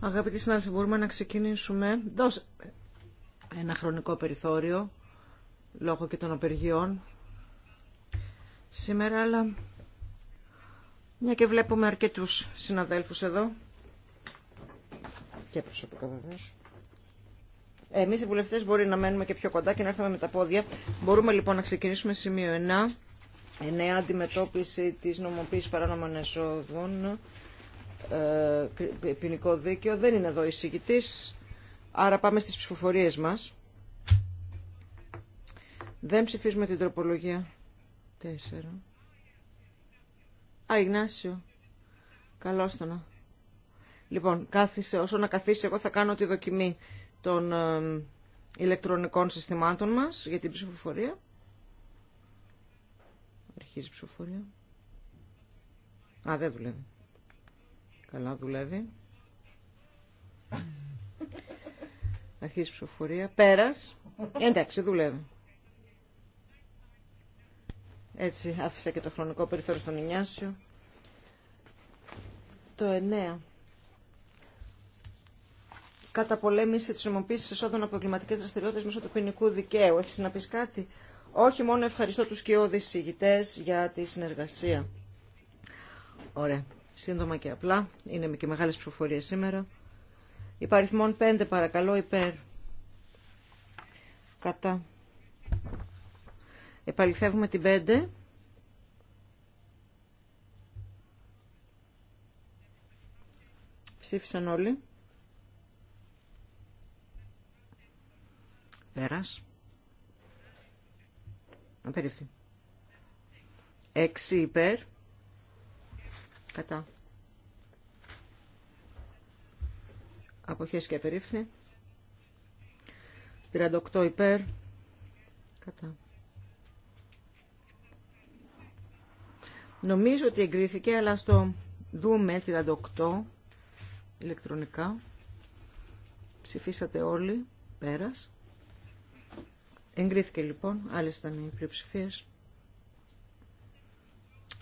Αγαπητοί συνάδελφοι, μπορούμε να ξεκινήσουμε. Δώσε ένα χρονικό περιθώριο, λόγω και των απεργιών σήμερα, αλλά μια και βλέπουμε αρκετούς συναδέλφους εδώ και προσωπικά βεβαίω. Εμείς οι βουλευτέ μπορεί να μένουμε και πιο κοντά και να έρθουμε με τα πόδια. Μπορούμε λοιπόν να ξεκινήσουμε σημείο 1, ενεά Αντιμετώπιση τη νομοποίησης παράνομων εσόδων. Ε, ποινικό δίκαιο. Δεν είναι εδώ εισηγητής, άρα πάμε στις ψηφοφορίες μας. Δεν ψηφίζουμε την τροπολογία Τέσσερα. Α, Ιγνάσιο. Καλώς το να. Λοιπόν, κάθισε, όσο να καθίσει εγώ θα κάνω τη δοκιμή των ε, ηλεκτρονικών συστημάτων μας για την ψηφοφορία. Αρχίζει η ψηφοφορία. Α, δεν δουλεύει. Καλά δουλεύει. η ψηφοφορία. Πέρας. Εντάξει, δουλεύει. Έτσι άφησα και το χρονικό περιθώριο στον Ινιάσιο. Το 9. πολέμηση της νομοποίησης εσόδων από εγκληματικέ δραστηριότητες μέσω του ποινικού δικαίου. έχει να πεις κάτι. Όχι μόνο ευχαριστώ τους και όδης για τη συνεργασία. Ωραία σύντομα και απλά. Είναι και μεγάλες ψηφοφορίες σήμερα. Υπαριθμών 5 παρακαλώ υπέρ. Κατά. Επαληθεύουμε την 5. Ψήφισαν όλοι. Πέρας. Απερίφθη. 6 υπέρ. Κατά. Αποχές και απερίφθη. 38 υπέρ. Κατά. Νομίζω ότι εγκρίθηκε, αλλά στο δούμε 38 ηλεκτρονικά. Ψηφίσατε όλοι. Πέρας. Εγκρίθηκε λοιπόν. Άλλες ήταν οι πλειοψηφίες.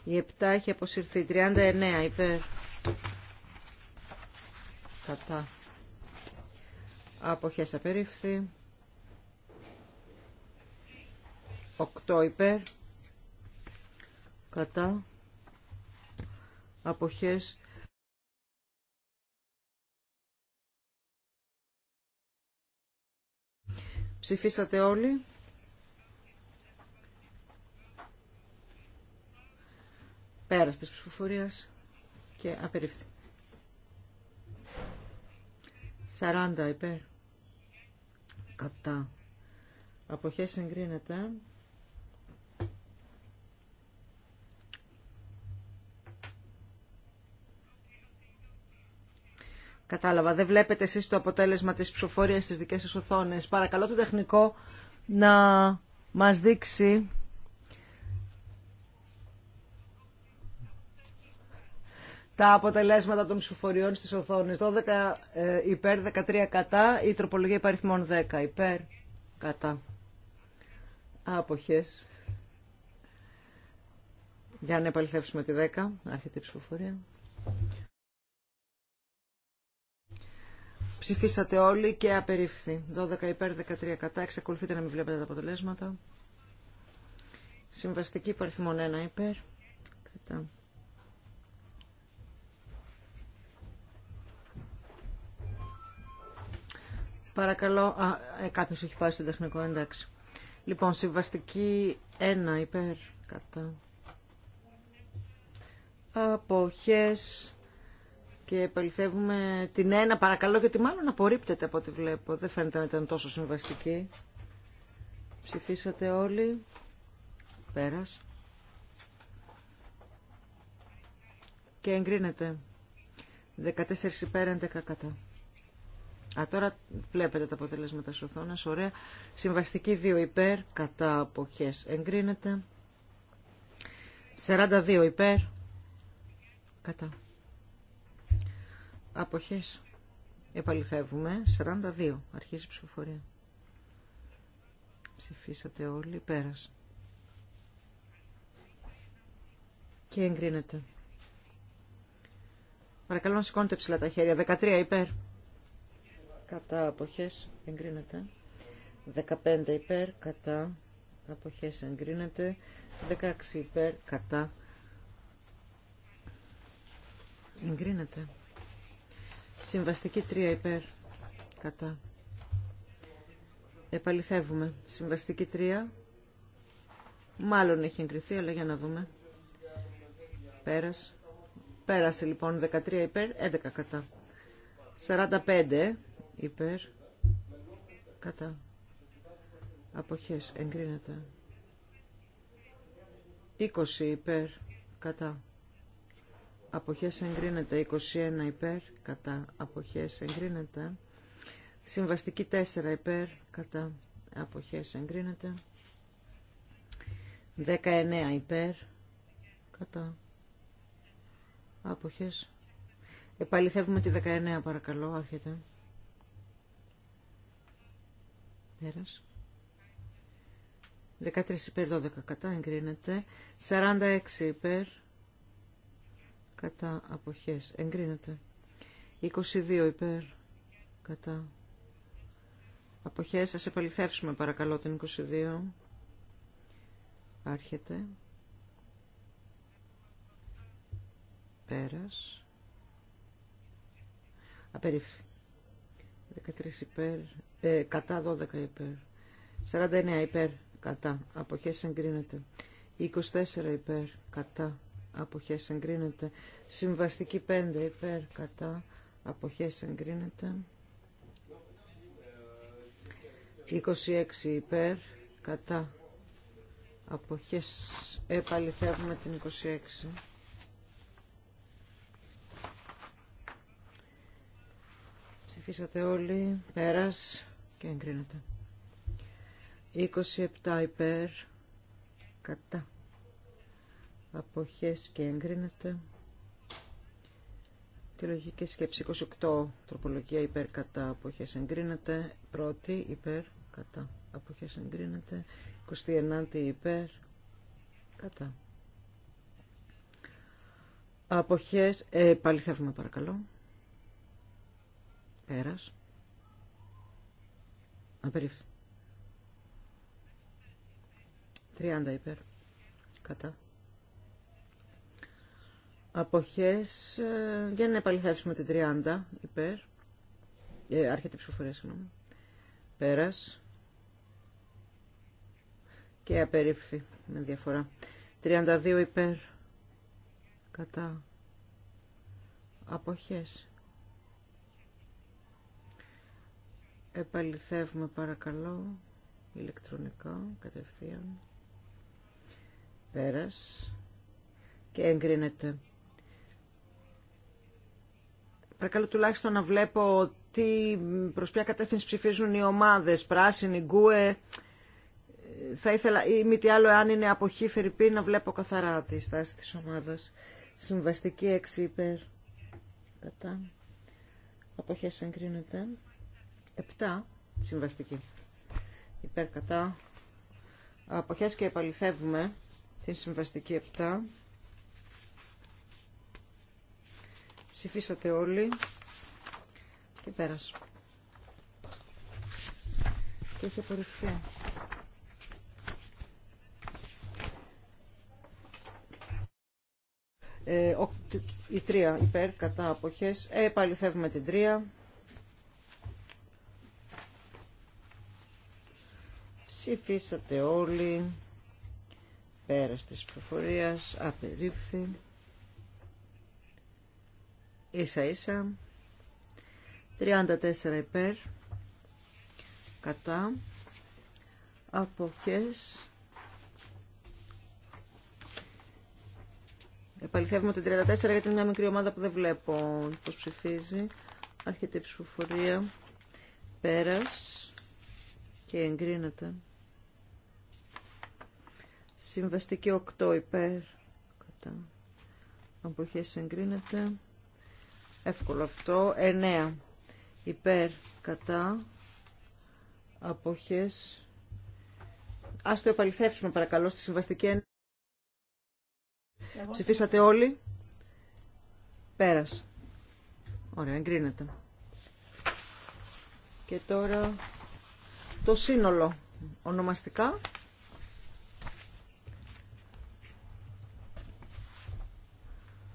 Η 7 έχει αποσυρθεί. 39 υπέρ. Κατά. Αποχές απερίφθη. 8 υπέρ. Κατά. Αποχές Ψηφίσατε όλοι. Πέρας της ψηφοφορίας και απερίφθη. 40 υπέρ. Κατά. Αποχές εγκρίνεται. Κατάλαβα. Δεν βλέπετε εσείς το αποτέλεσμα της ψηφοφορίας στις δικές σας οθόνες. Παρακαλώ το τεχνικό να μας δείξει τα αποτελέσματα των ψηφοφοριών στις οθόνες. 12 ε, υπέρ, 13 κατά. Η τροπολογία υπαριθμών 10 υπέρ, κατά. Άποχες. Για να επαληθεύσουμε τη 10. Άρχεται η ψηφοφορία. Ψηφίσατε όλοι και απερίφθη. 12 υπέρ, 13 κατά. Εξακολουθείτε να μην βλέπετε τα αποτελέσματα. Συμβαστική παριθμών 1 υπέρ. Κατά. Παρακαλώ, α, ε, κάποιος έχει πάει στο τεχνικό, εντάξει. Λοιπόν, συμβαστική 1 υπέρ κατά. Αποχές και επαληθεύουμε την 1 παρακαλώ γιατί μάλλον απορρίπτεται από ό,τι βλέπω. Δεν φαίνεται να ήταν τόσο συμβαστική. Ψηφίσατε όλοι. Πέρας. Και εγκρίνεται. 14 υπέρ, 11 κατά. Α, τώρα βλέπετε τα αποτελέσματα της οθόνες, ωραία. Συμβαστική 2 υπέρ, κατά αποχές εγκρίνεται. 42 υπέρ, κατά. Αποχές επαληθεύουμε. 42, αρχίζει η ψηφοφορία. Ψηφίσατε όλοι, πέρασε. Και εγκρίνεται. Παρακαλώ να σηκώνετε ψηλά τα χέρια. 13 υπέρ κατά αποχές εγκρίνεται 15 υπέρ κατά αποχές εγκρίνεται 16 υπέρ κατά εγκρίνεται συμβαστική 3 υπέρ κατά επαληθεύουμε συμβαστική 3 μάλλον έχει εγκριθεί αλλά για να δούμε Πέρασε. πέρασε λοιπόν 13 υπέρ 11 κατά 45 υπέρ κατά αποχές εγκρίνεται 20 υπέρ κατά αποχές εγκρίνεται 21 υπέρ κατά αποχές εγκρίνεται συμβαστική 4 υπέρ κατά αποχές εγκρίνεται 19 υπέρ κατά αποχές επαληθεύουμε τη 19 παρακαλώ άρχεται 13 υπέρ, 12 κατά, εγκρίνεται. 46 υπέρ, κατά αποχές, εγκρίνεται. 22 υπέρ, κατά αποχές. Ας επαληθεύσουμε παρακαλώ την 22. Άρχεται. Πέρας. Απερίφθη. 13 υπέρ, ε, κατά 12 υπέρ. 49 υπέρ, κατά, αποχές εγκρίνεται. 24 υπέρ, κατά, αποχές εγκρίνεται. Συμβαστική 5 υπέρ, κατά, αποχές εγκρίνεται. 26 υπέρ, κατά, αποχές επαληθεύουμε την 26. Ψηφίσατε όλοι. Πέρας και εγκρίνεται. 27 υπέρ. Κατά. Αποχές και εγκρίνεται. Τη λογική σκέψη 28 τροπολογία υπέρ κατά αποχές εγκρίνεται. Πρώτη υπέρ κατά αποχές εγκρίνεται. 29η υπέρ κατά. Αποχές, ε, πάλι θεύμα παρακαλώ. Πέρας. Απερίφθη. 30 υπέρ. Κατά. Αποχές. Ε, για να επαληθεύσουμε την 30 υπέρ. Ε, άρχεται ψηφοφορία, συγγνώμη. Πέρας. Και απερίφθη με διαφορά. 32 υπέρ. Κατά. Αποχές. Επαληθεύουμε παρακαλώ ηλεκτρονικά κατευθείαν. Πέρας και εγκρίνεται. Παρακαλώ τουλάχιστον να βλέπω τι, προς ποια κατεύθυνση ψηφίζουν οι ομάδες, πράσινοι, γκουε. Θα ήθελα ή μη τι άλλο, αν είναι αποχή φερρυπή, να βλέπω καθαρά τη στάση της ομάδας. Συμβαστική 6 υπέρ. Κατά. Αποχές εγκρίνεται. 7 συμβαστική υπέρ κατά αποχές και επαληθεύουμε την συμβαστική 7 ψηφίσατε όλοι και πέρασε και έχει απορριφθεί ε, η τρια υπέρ κατά αποχές ε, επαληθεύουμε την 3 Ψηφίσατε όλοι. Πέρας της ψηφοφορια Απερίφθη. Ίσα ίσα. 34 υπέρ. Κατά. Αποχές. Επαληθεύουμε την 34 γιατί είναι μια μικρή ομάδα που δεν βλέπω πώς ψηφίζει. Άρχεται η ψηφοφορία. Πέρας. Και εγκρίνεται. Συμβαστική 8 υπέρ. Κατά. Αποχές εγκρίνεται. Εύκολο αυτό. 9 υπέρ. Κατά. Αποχές. Ας το επαληθεύσουμε παρακαλώ στη συμβαστική 9. Ψηφίσατε όλοι. Πέρας. Ωραία, εγκρίνεται. Και τώρα το σύνολο ονομαστικά.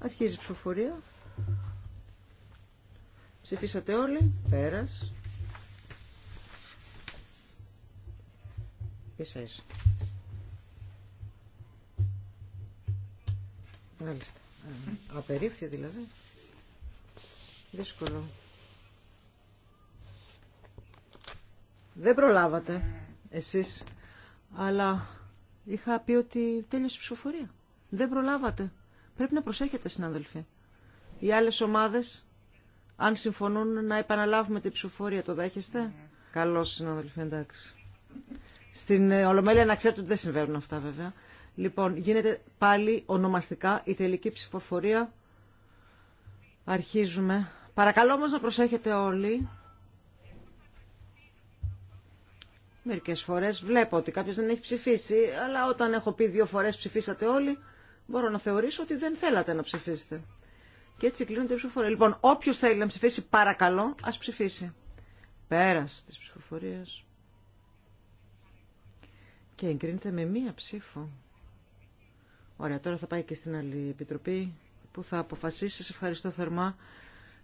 Αρχίζει η ψηφοφορία. Ψηφίσατε όλοι. Πέρας. Ίσα ίσα. Μάλιστα. Απερίφθη δηλαδή. Δύσκολο. Δεν προλάβατε εσείς, αλλά είχα πει ότι τέλειωσε η ψηφοφορία. Δεν προλάβατε. Πρέπει να προσέχετε, συνάδελφοι. Οι άλλες ομάδες, αν συμφωνούν να επαναλάβουμε την ψηφοφορία, το δέχεστε. Καλώ, συνάδελφοι, εντάξει. Στην ε, Ολομέλεια να ξέρετε ότι δεν συμβαίνουν αυτά, βέβαια. Λοιπόν, γίνεται πάλι ονομαστικά η τελική ψηφοφορία. Αρχίζουμε. Παρακαλώ όμω να προσέχετε όλοι. Μερικές φορές βλέπω ότι κάποιος δεν έχει ψηφίσει, αλλά όταν έχω πει δύο φορές ψηφίσατε όλοι, μπορώ να θεωρήσω ότι δεν θέλατε να ψηφίσετε. Και έτσι κλείνονται οι ψηφοφορία. Λοιπόν, όποιο θέλει να ψηφίσει, παρακαλώ, α ψηφίσει. Πέρα τη ψηφοφορία. Και εγκρίνεται με μία ψήφο. Ωραία, τώρα θα πάει και στην άλλη επιτροπή που θα αποφασίσει. Σε ευχαριστώ θερμά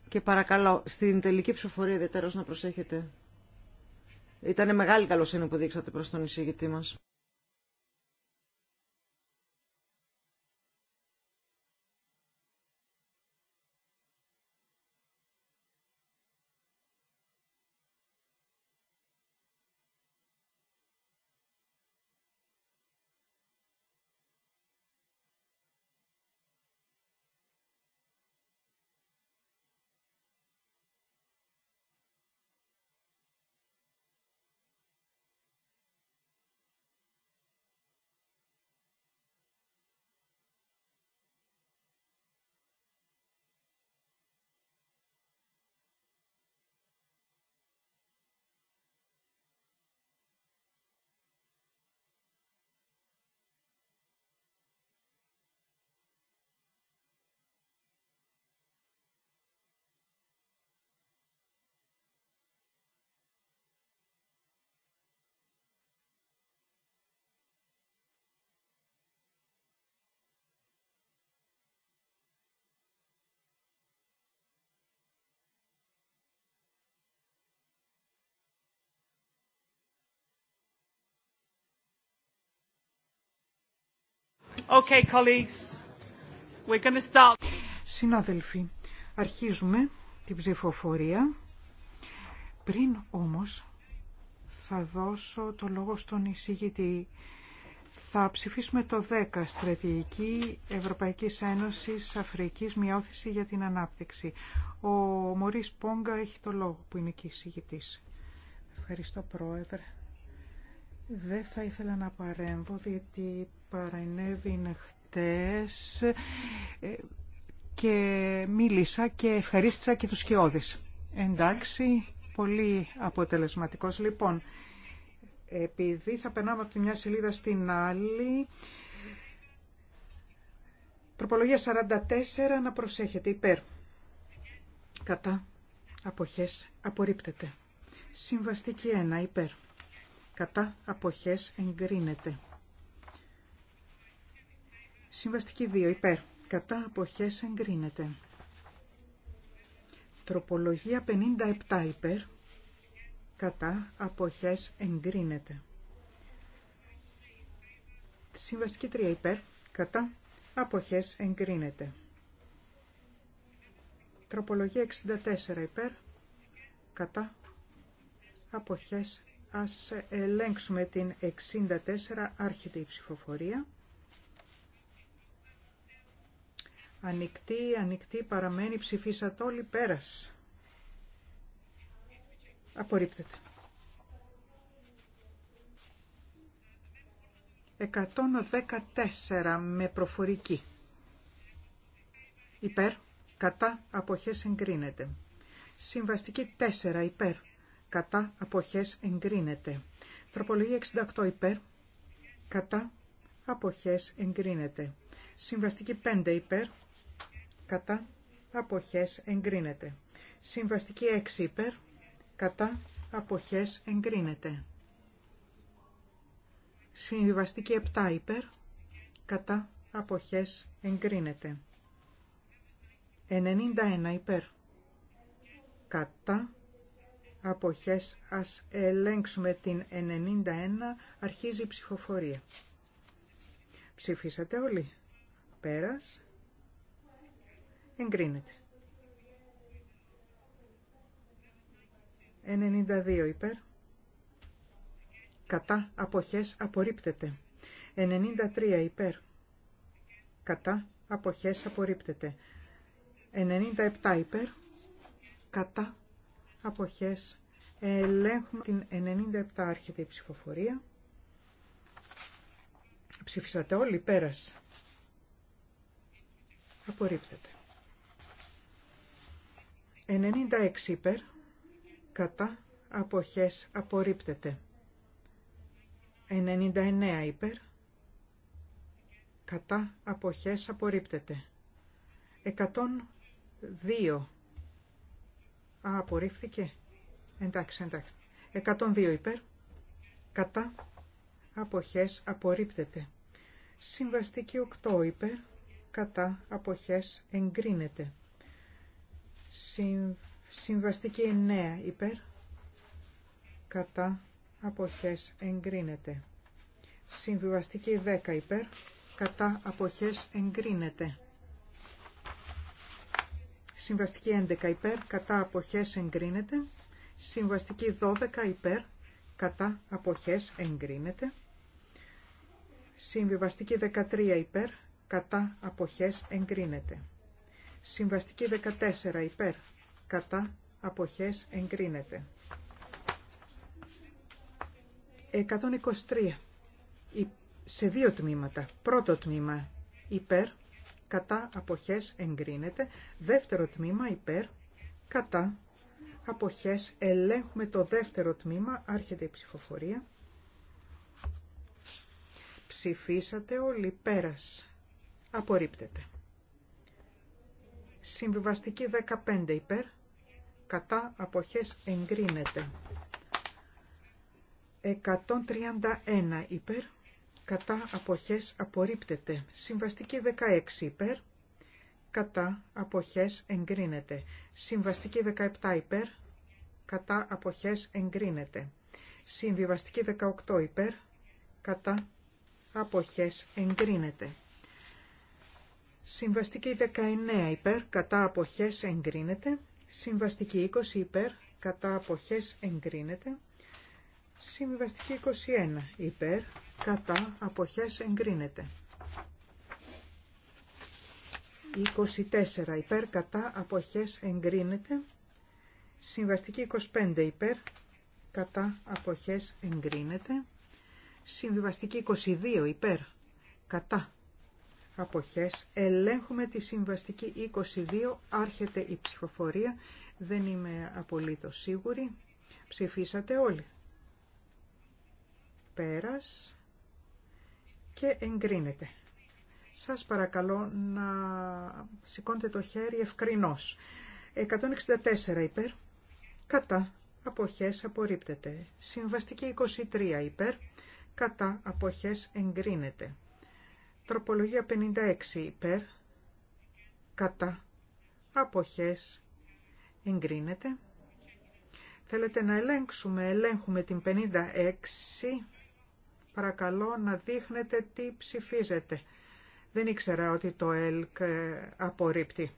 και παρακαλώ στην τελική ψηφοφορία ιδιαίτερα να προσέχετε. Ήταν μεγάλη καλοσύνη που δείξατε προ τον εισηγητή μα. Συνάδελφοι, αρχίζουμε την ψηφοφορία. Πριν όμως θα δώσω το λόγο στον εισηγητή. Θα ψηφίσουμε το 10, Στρατηγική Ευρωπαϊκής Ένωσης Αφρικής Μειώθηση για την Ανάπτυξη. Ο Μωρίς Πόγκα έχει το λόγο που είναι και εισηγητής. Ευχαριστώ Πρόεδρε. Δεν θα ήθελα να παρέμβω, διότι παρενέβη χτες ε, και μίλησα και ευχαρίστησα και τους σκιώδεις. Εντάξει, πολύ αποτελεσματικός. Λοιπόν, επειδή θα περνάμε από τη μια σελίδα στην άλλη, τροπολογία 44 να προσέχετε υπέρ. Κατά. Αποχές. Απορρίπτεται. Συμβαστική 1 υπέρ. Κατά. Αποχές. Εγκρίνεται. Συμβαστική 2 υπέρ. Κατά αποχές εγκρίνεται. Τροπολογία 57 υπέρ. Κατά αποχές εγκρίνεται. Συμβαστική 3 υπέρ. Κατά αποχές εγκρίνεται. Τροπολογία 64 υπέρ. Κατά αποχές ας ελέγξουμε την 64 άρχεται η ψηφοφορία. Ανοιχτή, ανοιχτή παραμένει ψηφίσατε όλοι πέρας. Απορρίπτεται. 114 με προφορική. Υπέρ, κατά, αποχές εγκρίνεται. Συμβαστική 4 υπέρ, κατά, αποχές εγκρίνεται. Τροπολογία 68 υπέρ, κατά, αποχές εγκρίνεται. Συμβαστική 5 υπέρ, κατά, αποχές εγκρίνεται. Συμβαστική 6 υπέρ, κατά, αποχές εγκρίνεται. Συμβαστική 7 υπέρ, κατά, αποχές εγκρίνεται. 91 υπέρ, κατά, αποχές ας ελέγξουμε την 91, αρχίζει η ψηφοφορία. Ψηφίσατε όλοι. Πέρας εγκρίνεται. 92 υπέρ. Κατά αποχές απορρίπτεται. 93 υπέρ. Κατά αποχές απορρίπτεται. 97 υπέρ. Κατά αποχές ελέγχουμε την 97 άρχεται η ψηφοφορία. Ψήφισατε όλοι, πέρασε. Απορρίπτεται. 96 υπέρ, κατά, αποχές, απορρίπτεται. 99 υπέρ, κατά, αποχές, απορρίπτεται. 102. Α, απορρίφθηκε. Εντάξει, εντάξει. 102 υπέρ, κατά, αποχές, απορρίπτεται. Συμβαστική 8 υπέρ, κατά, αποχές, εγκρίνεται. Συμβαστική 9 υπέρ κατά αποχές εγκρίνεται. Συμβιβαστική 10 υπέρ κατά αποχές εγκρίνεται. Συμβαστική 11 υπέρ κατά αποχές εγκρίνεται. Συμβαστική 12 υπέρ κατά αποχές εγκρίνεται. Συμβιβαστική 13 υπέρ κατά αποχές εγκρίνεται. Συμβαστική 14 υπέρ. Κατά αποχές εγκρίνεται. 123 σε δύο τμήματα. Πρώτο τμήμα υπέρ. Κατά αποχές εγκρίνεται. Δεύτερο τμήμα υπέρ. Κατά αποχές ελέγχουμε το δεύτερο τμήμα. Άρχεται η ψηφοφορία. Ψηφίσατε όλοι πέρας. Απορρίπτεται. Συμβιβαστική 15 υπέρ, κατά αποχές εγκρίνεται. 131 υπέρ, κατά αποχές απορρίπτεται. Συμβαστική 16 υπέρ, κατά αποχές εγκρίνεται. Συμβαστική 17 υπέρ, κατά αποχές εγκρίνεται. Συμβιβαστική 18 υπέρ, κατά αποχές εγκρίνεται. Συμβαστική 19 υπέρ, κατά αποχές εγκρίνεται. Συμβαστική 20 υπέρ, κατά αποχές εγκρίνεται. Συμβαστική 21 υπέρ, κατά αποχές εγκρίνεται. 24 υπέρ, κατά αποχές εγκρίνεται. Συμβαστική 25 υπέρ, κατά αποχές εγκρίνεται. Συμβαστική 22 υπέρ, κατά αποχές. Ελέγχουμε τη συμβαστική 22, άρχεται η ψηφοφορία. Δεν είμαι απολύτως σίγουρη. Ψηφίσατε όλοι. Πέρας και εγκρίνεται. Σας παρακαλώ να σηκώνετε το χέρι ευκρινώς. 164 υπέρ, κατά, αποχές απορρίπτεται. Συμβαστική 23 υπέρ, κατά, αποχές εγκρίνεται. Τροπολογία 56 υπέρ, κατά, αποχές, εγκρίνεται. Θέλετε να ελέγξουμε, ελέγχουμε την 56, παρακαλώ να δείχνετε τι ψηφίζετε. Δεν ήξερα ότι το ΕΛΚ ε, απορρίπτει.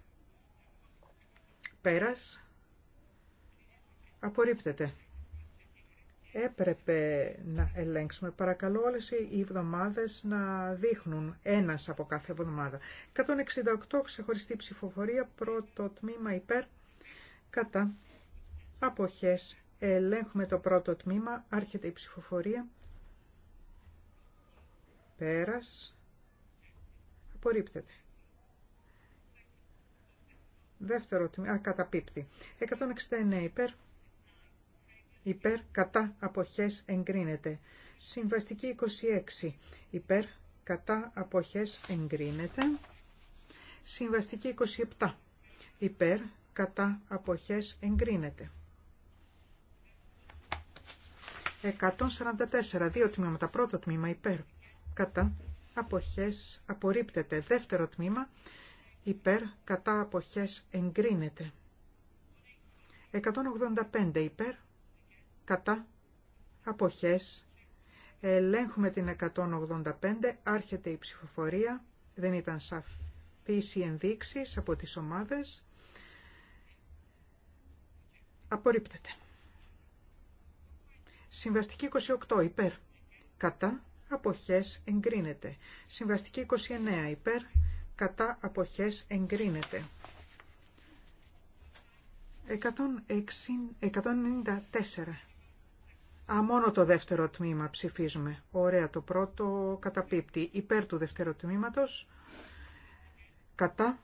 Πέρας, απορρίπτεται έπρεπε να ελέγξουμε. Παρακαλώ όλες οι εβδομάδες να δείχνουν ένας από κάθε εβδομάδα. 168 ξεχωριστή ψηφοφορία, πρώτο τμήμα υπέρ, κατά, αποχές. Ελέγχουμε το πρώτο τμήμα, άρχεται η ψηφοφορία. Πέρας. Απορρίπτεται. Δεύτερο τμήμα, α, καταπίπτει. 169 υπέρ, υπέρ κατά αποχές εγκρίνεται. Συμβαστική 26 υπέρ κατά αποχές εγκρίνεται. Συμβαστική 27 υπέρ κατά αποχές εγκρίνεται. 144 δύο τμήματα. Πρώτο τμήμα υπέρ κατά αποχές απορρίπτεται. Δεύτερο τμήμα υπέρ κατά αποχές εγκρίνεται. 185 υπέρ κατά, αποχές, ελέγχουμε την 185, άρχεται η ψηφοφορία, δεν ήταν σαφής οι ενδείξεις από τις ομάδες, απορρίπτεται. Συμβαστική 28 υπέρ, κατά, αποχές εγκρίνεται. Συμβαστική 29 υπέρ, κατά αποχές εγκρίνεται. 194 Α, μόνο το δεύτερο τμήμα ψηφίζουμε. Ωραία, το πρώτο καταπίπτει. Υπέρ του δεύτερου τμήματος, κατά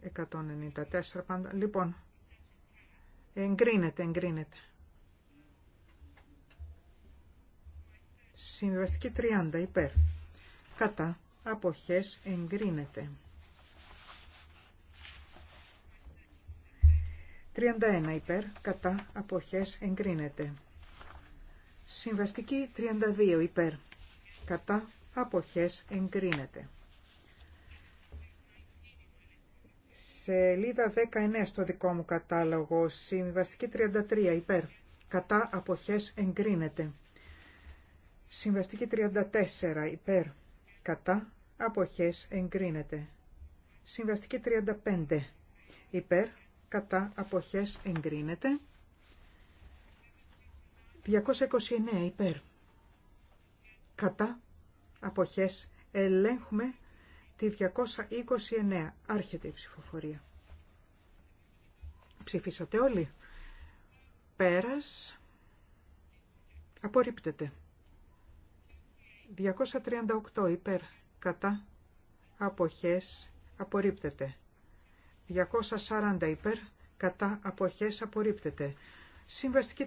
194 πάντα. Λοιπόν, εγκρίνεται, εγκρίνεται. Συμβιβαστική 30 υπέρ. Κατά αποχές εγκρίνεται. 31 υπέρ, κατά, αποχές, εγκρίνεται. Συμβαστική 32 υπέρ, κατά, αποχές, εγκρίνεται. Σελίδα 19 στο δικό μου κατάλογο, συμβαστική 33 υπέρ, κατά, αποχές, εγκρίνεται. Συμβαστική 34 υπέρ, κατά, αποχές, εγκρίνεται. Συμβαστική 35 υπέρ, κατά αποχές εγκρίνεται. 229 υπέρ. Κατά αποχές ελέγχουμε τη 229. Άρχεται η ψηφοφορία. Ψηφίσατε όλοι. Πέρας. Απορρίπτεται. 238 υπέρ. Κατά αποχές απορρίπτεται. 240 υπέρ, κατά αποχές απορρίπτεται. Συμβαστική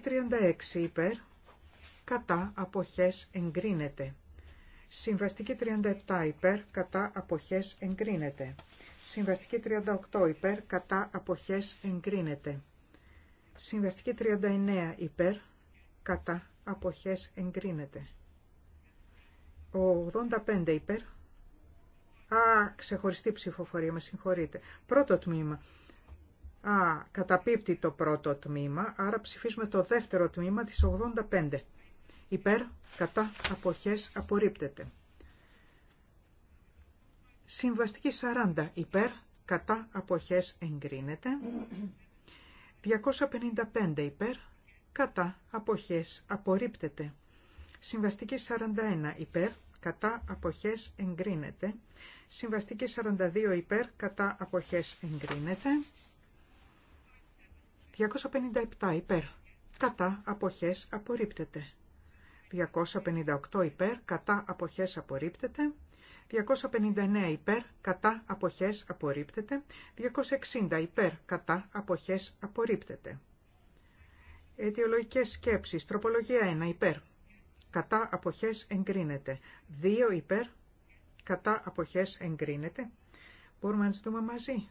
36 υπέρ, κατά αποχές εγκρίνεται. Συμβαστική 37 υπέρ, κατά αποχές εγκρίνεται. Συμβαστική 38 υπέρ, κατά αποχές εγκρίνεται. Συμβαστική 39 υπέρ, κατά αποχές εγκρίνεται. 85 υπέρ, Α, ξεχωριστή ψηφοφορία, με συγχωρείτε. Πρώτο τμήμα. Α, καταπίπτει το πρώτο τμήμα, άρα ψηφίζουμε το δεύτερο τμήμα της 85. Υπέρ, κατά, αποχές, απορρίπτεται. Συμβαστική 40. Υπέρ, κατά, αποχές, εγκρίνεται. 255. Υπέρ, κατά, αποχές, απορρίπτεται. Συμβαστική 41. Υπέρ, κατά αποχές εγκρίνεται. Συμβαστική 42 υπέρ κατά αποχές εγκρίνεται. 257 υπέρ κατά αποχές απορρίπτεται. 258 υπέρ κατά αποχές απορρίπτεται. 259 υπέρ κατά αποχές απορρίπτεται. 260 υπέρ κατά αποχές απορρίπτεται. Αιτιολογικές σκέψεις. Τροπολογία 1 υπέρ κατά αποχές εγκρίνεται. Δυο υπέρ, κατά αποχές εγκρίνεται. Μπορούμε να ζητούμε μαζί.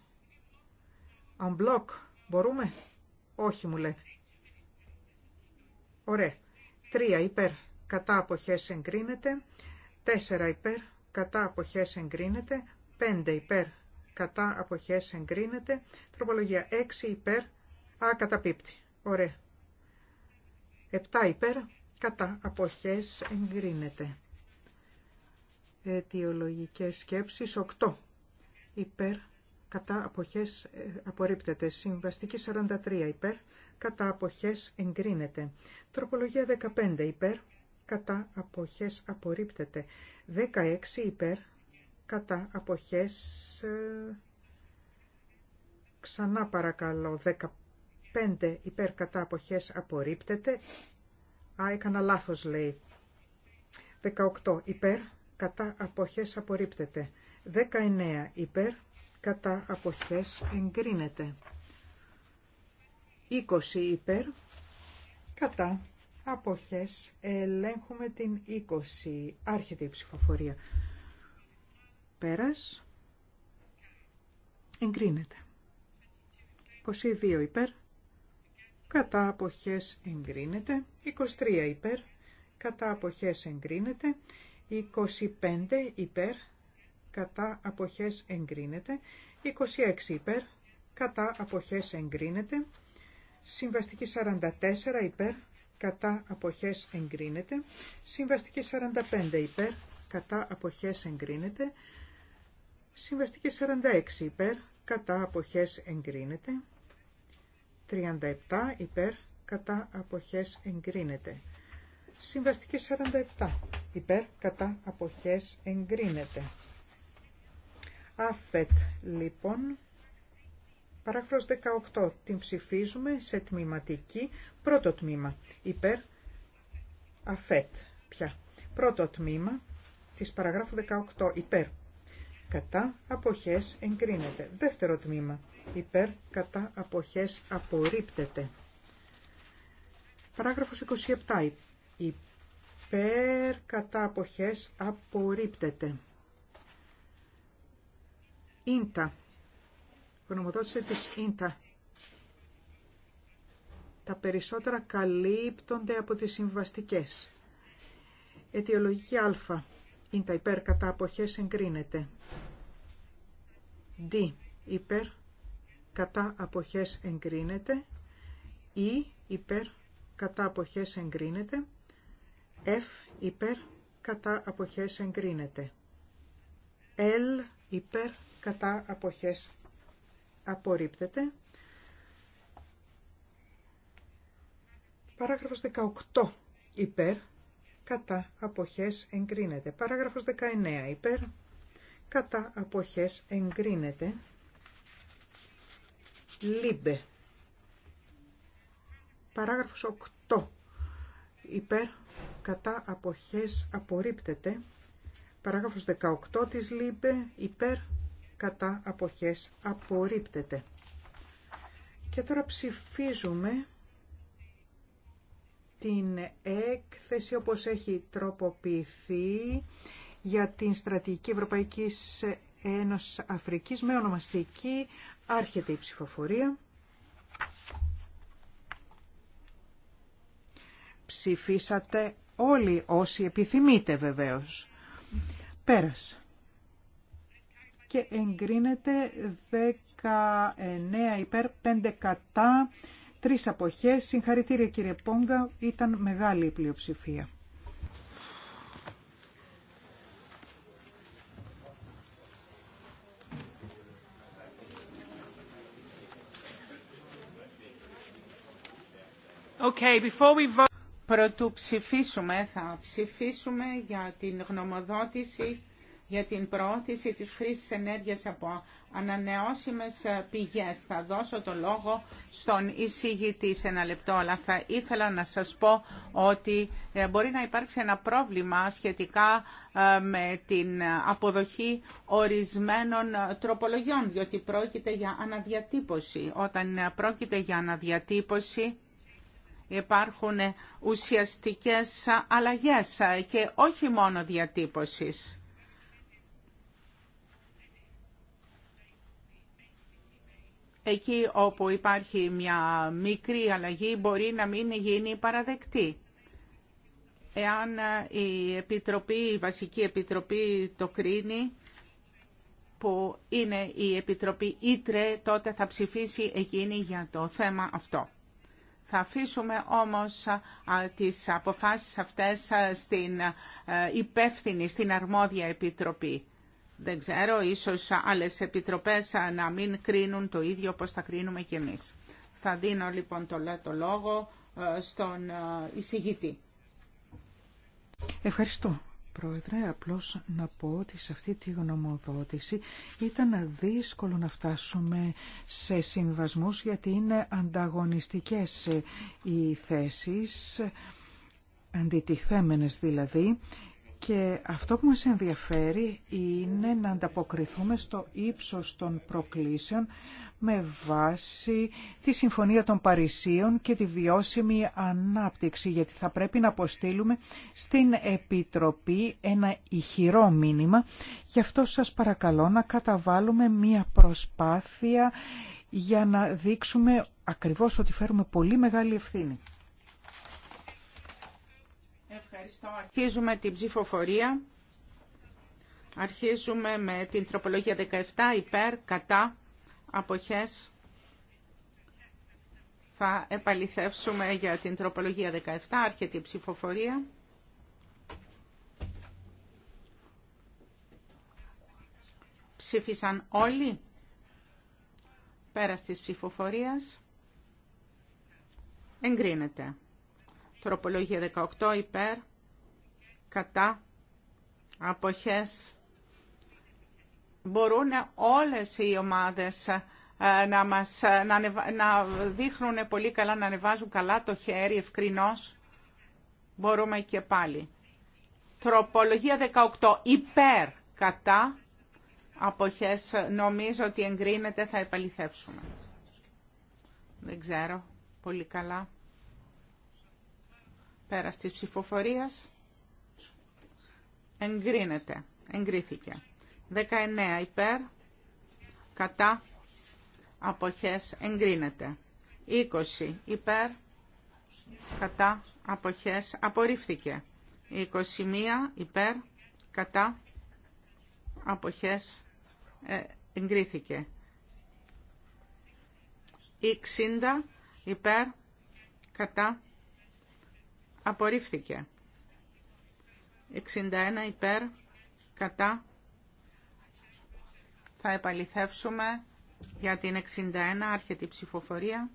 Αν μπλοκ μπορούμε. Όχι μου λένε. Ωραία. Τρία υπέρ, κατά αποχές εγκρίνεται. Τέσσερα υπέρ, κατά αποχές εγκρίνεται. Πέντε υπέρ, κατά αποχές εγκρίνεται. Τροπολογία έξι υπέρ, α, καταπίπτει. Ωραία. Επτά υπέρ, κατά αποχές εγκρίνεται. Αιτιολογικές σκέψεις 8. Υπέρ κατά αποχές ε, απορρίπτεται. Συμβαστική 43 υπέρ κατά αποχές εγκρίνεται. Τροπολογία 15 υπέρ κατά αποχές απορρίπτεται. 16 υπέρ κατά αποχές ε, ξανά παρακαλώ 15 υπέρ κατά αποχές απορρίπτεται Α, έκανα λάθος λέει. 18 υπέρ, κατά αποχές απορρίπτεται. 19 υπέρ, κατά αποχές εγκρίνεται. 20 υπέρ, κατά αποχές ελέγχουμε την 20. Άρχεται η ψηφοφορία. Πέρας, εγκρίνεται. 22 υπέρ, κατά αποχές εγκρίνεται, 23 υπέρ, κατά αποχές εγκρίνεται, 25 υπέρ, κατά αποχές εγκρίνεται, 26 υπέρ, κατά αποχές εγκρίνεται, συμβαστική 44 υπέρ, κατά αποχές εγκρίνεται, συμβαστική 45 υπέρ, κατά αποχές εγκρίνεται, συμβαστική 46 υπέρ, κατά αποχές εγκρίνεται, 37 υπέρ κατά αποχές εγκρίνεται. Συμβαστική 47 υπέρ κατά αποχές εγκρίνεται. Αφετ λοιπόν, παράγραφος 18, την ψηφίζουμε σε τμηματική, πρώτο τμήμα, υπέρ αφετ πια. Πρώτο τμήμα της παραγράφου 18, υπέρ κατά αποχές εγκρίνεται. Δεύτερο τμήμα υπέρ κατά αποχές απορρίπτεται. Παράγραφος 27 υπέρ κατά αποχές απορρίπτεται. Ίντα. Γνωμοδότησε της Ίντα. Τα περισσότερα καλύπτονται από τις συμβαστικές. Αιτιολογική α είναι τα υπέρ κατά αποχές εγκρίνεται. D. Υπέρ κατά αποχές εγκρίνεται. E. Υπέρ κατά αποχές εγκρίνεται. F. Υπέρ κατά αποχές εγκρίνεται. L. Υπέρ κατά αποχές απορρίπτεται. Παράγραφος 18. Υπέρ κατά αποχές εγκρίνεται. Παράγραφος 19 υπέρ, κατά αποχές εγκρίνεται. Λίμπε. Παράγραφος 8 υπέρ, κατά αποχές απορρίπτεται. Παράγραφος 18 της Λίμπε υπέρ, κατά αποχές απορρίπτεται. Και τώρα ψηφίζουμε την έκθεση όπως έχει τροποποιηθεί για την στρατηγική Ευρωπαϊκή Ένωση Αφρικής με ονομαστική. Άρχεται η ψηφοφορία. Ψηφίσατε όλοι όσοι επιθυμείτε βεβαίως. Πέρασε. Και εγκρίνεται 19 υπέρ 5 κατά Τρεις αποχές. Συγχαρητήρια κύριε Πόγκα. Ήταν μεγάλη η πλειοψηφία. Okay, before Πρωτού ψηφίσουμε, θα ψηφίσουμε για την γνωμοδότηση για την προώθηση της χρήσης ενέργειας από ανανεώσιμες πηγές. Θα δώσω το λόγο στον εισηγητή σε ένα λεπτό, αλλά θα ήθελα να σας πω ότι ε, μπορεί να υπάρξει ένα πρόβλημα σχετικά ε, με την αποδοχή ορισμένων ε, τροπολογιών, διότι πρόκειται για αναδιατύπωση. Όταν πρόκειται για αναδιατύπωση, υπάρχουν ουσιαστικές αλλαγές και όχι μόνο διατύπωσης εκεί όπου υπάρχει μια μικρή αλλαγή μπορεί να μην γίνει παραδεκτή. Εάν ε, η, επιτροπή, βασική επιτροπή το κρίνει, που είναι η Επιτροπή Ήτρε, τότε θα ψηφίσει εκείνη για το θέμα αυτό. Θα αφήσουμε όμως ε, τις αποφάσεις αυτές ε, στην υπεύθυνη, στην αρμόδια Επιτροπή δεν ξέρω, ίσως άλλες επιτροπές να μην κρίνουν το ίδιο όπως θα κρίνουμε κι εμείς. Θα δίνω λοιπόν το λόγο ε, στον ε, εισηγητή. Ευχαριστώ. Πρόεδρε, απλώς να πω ότι σε αυτή τη γνωμοδότηση ήταν δύσκολο να φτάσουμε σε συμβασμούς γιατί είναι ανταγωνιστικές οι θέσεις, αντιτιθέμενες δηλαδή και αυτό που μας ενδιαφέρει είναι να ανταποκριθούμε στο ύψος των προκλήσεων με βάση τη Συμφωνία των Παρισίων και τη βιώσιμη ανάπτυξη, γιατί θα πρέπει να αποστείλουμε στην Επιτροπή ένα ηχηρό μήνυμα. Γι' αυτό σας παρακαλώ να καταβάλουμε μία προσπάθεια για να δείξουμε ακριβώς ότι φέρουμε πολύ μεγάλη ευθύνη. Αρχίζουμε την ψηφοφορία. Αρχίζουμε με την τροπολογία 17 υπέρ, κατά, αποχές. Θα επαληθεύσουμε για την τροπολογία 17, άρχεται η ψηφοφορία. Ψήφισαν όλοι πέρα της ψηφοφορίας. Εγκρίνεται. Τροπολογία 18 υπέρ, κατά αποχές μπορούν όλες οι ομάδες ε, να, ε, να, δείχνουν πολύ καλά, να ανεβάζουν καλά το χέρι ευκρινώς. Μπορούμε και πάλι. Τροπολογία 18. Υπέρ κατά αποχές. Νομίζω ότι εγκρίνεται, θα επαληθεύσουμε. Δεν ξέρω πολύ καλά. Πέρα της ψηφοφορίας. Εγκρίνεται. Εγκρίθηκε. 19 υπέρ. Κατά. Αποχές. Εγκρίνεται. 20 υπέρ. Κατά. Αποχές. Απορρίφθηκε. 21 υπέρ. Κατά. Αποχές. Ε, εγκρίθηκε. 60 υπέρ. Κατά. Απορρίφθηκε. 61 υπέρ, κατά. Θα επαληθεύσουμε για την 61 άρχεται η ψηφοφορία.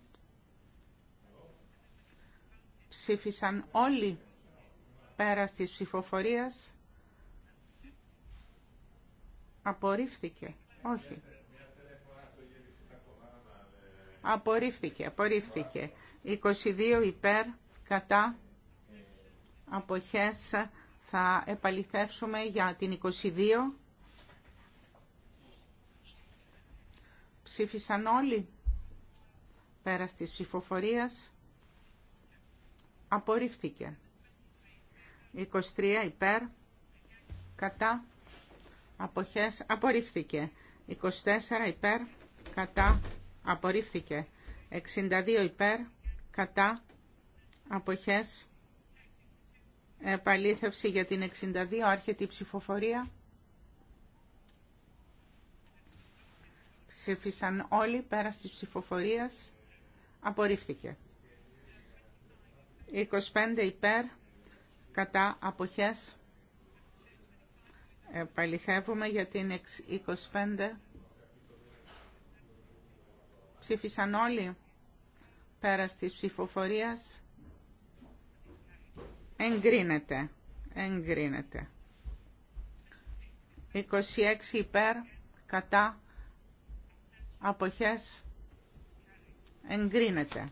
Ψήφισαν όλοι πέρα της ψηφοφορίας. Απορρίφθηκε. Όχι. Απορρίφθηκε, απορρίφθηκε. 22 υπέρ, κατά, αποχές, θα επαληθεύσουμε για την 22. Ψήφισαν όλοι πέρα της ψηφοφορίας. Απορρίφθηκε. 23 υπέρ, κατά, αποχές, απορρίφθηκε. 24 υπέρ, κατά, απορρίφθηκε. 62 υπέρ, κατά, αποχές, επαλήθευση για την 62, άρχεται η ψηφοφορία. Ψήφισαν όλοι πέρα της ψηφοφορίας. Απορρίφθηκε. 25 υπέρ, κατά αποχές. Επαληθεύουμε για την 25. Ψήφισαν όλοι πέρα της ψηφοφορίας. Εγκρίνεται. Εγκρίνεται. 26 υπέρ, κατά, αποχές, εγκρίνεται.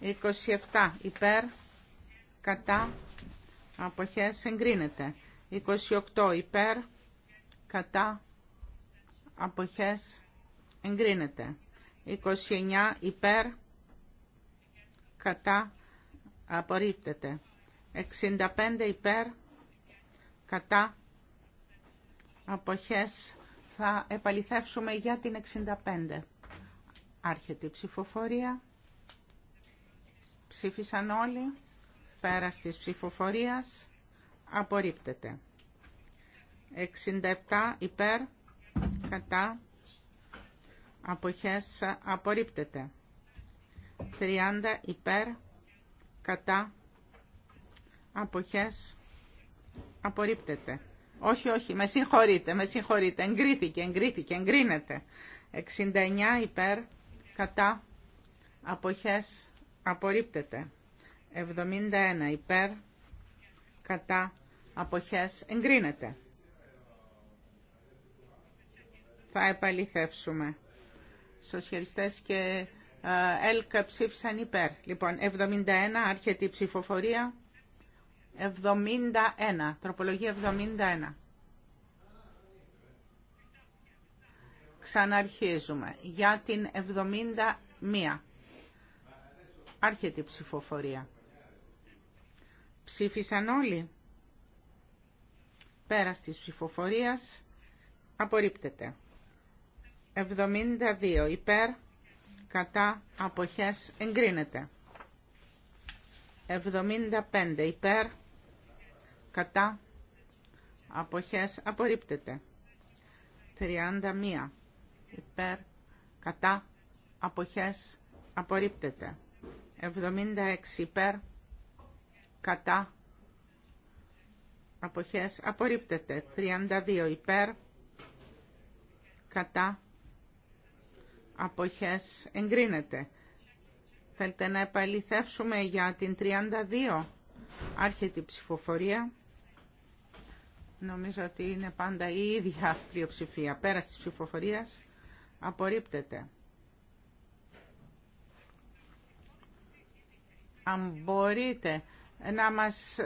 27 υπέρ, κατά, αποχές, εγκρίνεται. 28 υπέρ, κατά, αποχές, εγκρίνεται. 29 υπέρ, κατά, απορρίπτεται. 65 υπέρ, κατά, αποχές, θα επαληθεύσουμε για την 65. Άρχεται η ψηφοφορία. Ψήφισαν όλοι. Πέρας της ψηφοφορίας. Απορρίπτεται. 67 υπέρ, κατά, αποχές, απορρίπτεται. 30 υπέρ, κατά αποχές απορρίπτεται. Όχι, όχι, με συγχωρείτε, με συγχωρείτε, εγκρίθηκε, εγκρίθηκε, εγκρίνεται. 69 υπέρ κατά αποχές απορρίπτεται. 71 υπέρ κατά αποχές εγκρίνεται. Θα επαληθεύσουμε. Σοσιαλιστές και ε, ΕΛΚ ψήφισαν υπέρ. Λοιπόν, 71 άρχεται η ψηφοφορία. 71. Τροπολογία 71. Ξαναρχίζουμε. Για την 71. Άρχεται η ψηφοφορία. Ψήφισαν όλοι. Πέρας της ψηφοφορίας απορρίπτεται. 72 υπέρ κατά αποχές εγκρίνεται. 75 υπέρ κατά αποχές απορρίπτεται. 31 υπέρ κατά αποχές απορρίπτεται. 76 υπέρ κατά αποχές απορρίπτεται. 32 υπέρ κατά αποχές εγκρίνεται. Θέλετε να επαληθεύσουμε για την 32. Άρχεται η ψηφοφορία. Νομίζω ότι είναι πάντα η ίδια πλειοψηφία. πέρα της ψηφοφορίας απορρίπτεται. Αν μπορείτε να μας...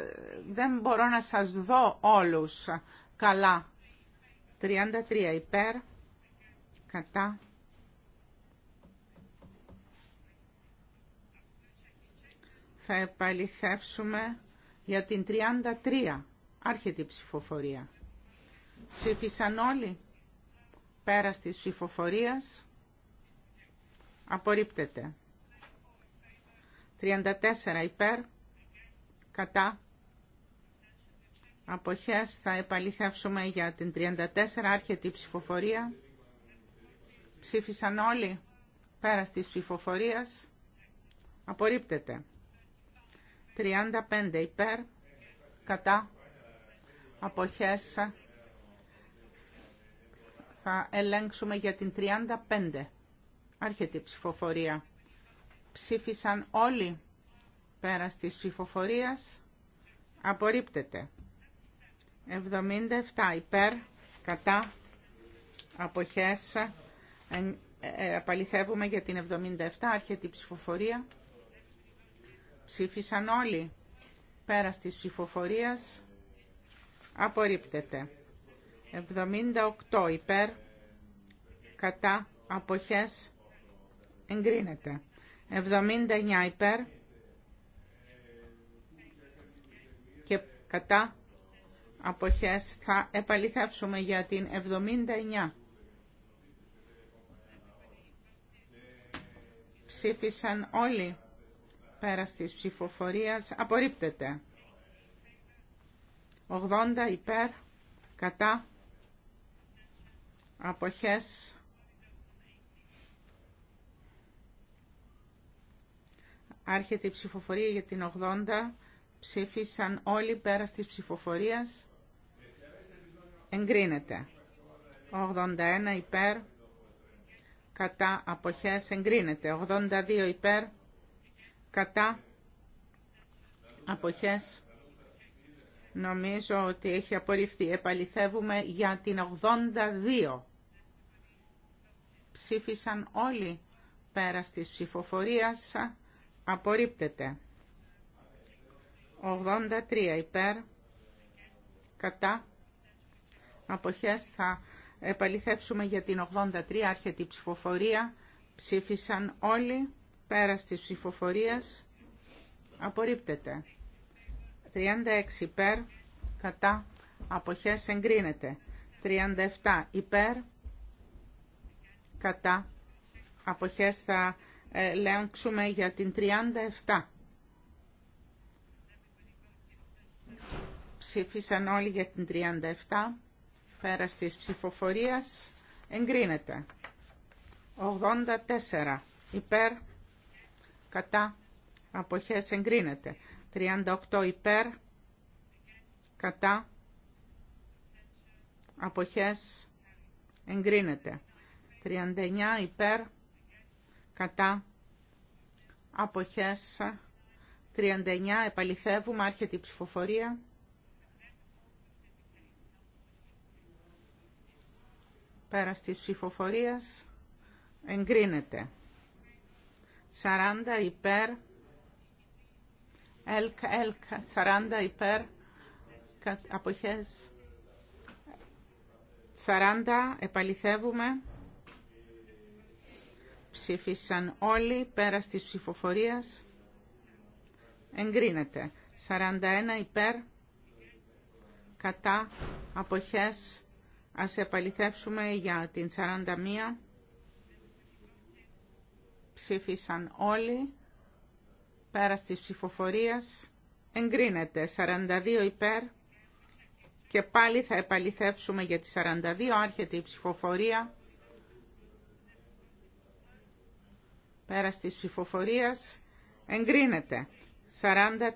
Δεν μπορώ να σας δω όλους καλά. 33 υπέρ, κατά, θα επαληθεύσουμε για την 33. Άρχεται η ψηφοφορία. Ψήφισαν όλοι πέρα της ψηφοφορία. Απορρίπτεται. 34 υπέρ, κατά. Αποχές θα επαληθεύσουμε για την 34. Άρχεται η ψηφοφορία. Ψήφισαν όλοι πέρα της ψηφοφορία. Απορρίπτεται. 35 υπέρ, κατά, αποχές, θα ελέγξουμε για την 35. Άρχεται η ψηφοφορία. Ψήφισαν όλοι πέρα της ψηφοφορίας. Απορρίπτεται. 77 υπέρ, κατά, αποχές, ε, ε, απαληθεύουμε για την 77, άρχεται η ψηφοφορία. Ψήφισαν όλοι. Πέρας της ψηφοφορίας απορρίπτεται. 78 υπέρ, κατά, αποχές, εγκρίνεται. 79 υπέρ και κατά, αποχές, θα επαληθεύσουμε για την 79. Ψήφισαν όλοι πέρας της ψηφοφορίας απορρίπτεται. 80 υπέρ, κατά, αποχές, άρχεται η ψηφοφορία για την 80, ψήφισαν όλοι πέρας της ψηφοφορίας, εγκρίνεται. 81 υπέρ, κατά αποχές εγκρίνεται. 82 υπέρ, κατά αποχές νομίζω ότι έχει απορριφθεί. Επαληθεύουμε για την 82. Ψήφισαν όλοι πέρα της ψηφοφορίας. Απορρίπτεται. 83 υπέρ κατά αποχές θα επαληθεύσουμε για την 83 άρχεται η ψηφοφορία. Ψήφισαν όλοι. Πέρα της ψηφοφορίας απορρίπτεται. 36 υπέρ, κατά, αποχές εγκρίνεται. 37 υπέρ, κατά, αποχές θα ε, ελέγξουμε για την 37. Ψήφισαν όλοι για την 37. Πέρας της ψηφοφορίας εγκρίνεται. 84 υπέρ, κατά αποχές εγκρίνεται. 38 υπέρ κατά αποχές εγκρίνεται. 39 υπέρ κατά αποχές 39 επαληθεύουμε άρχεται η ψηφοφορία. Πέρα της ψηφοφορίας εγκρίνεται. 40 υπέρ, ΕΛΚ, ΕΛΚ, 40 υπέρ, αποχές, 40, επαληθεύουμε, ψήφισαν όλοι, πέρα της ψηφοφορίας, εγκρίνεται, 41 υπέρ, κατά, αποχές, ας επαληθεύσουμε για την 41, Ψήφισαν όλοι. Πέρα της ψηφοφορίας εγκρίνεται 42 υπέρ και πάλι θα επαληθεύσουμε για τις 42. Άρχεται η ψηφοφορία. Πέρα της ψηφοφορίας εγκρίνεται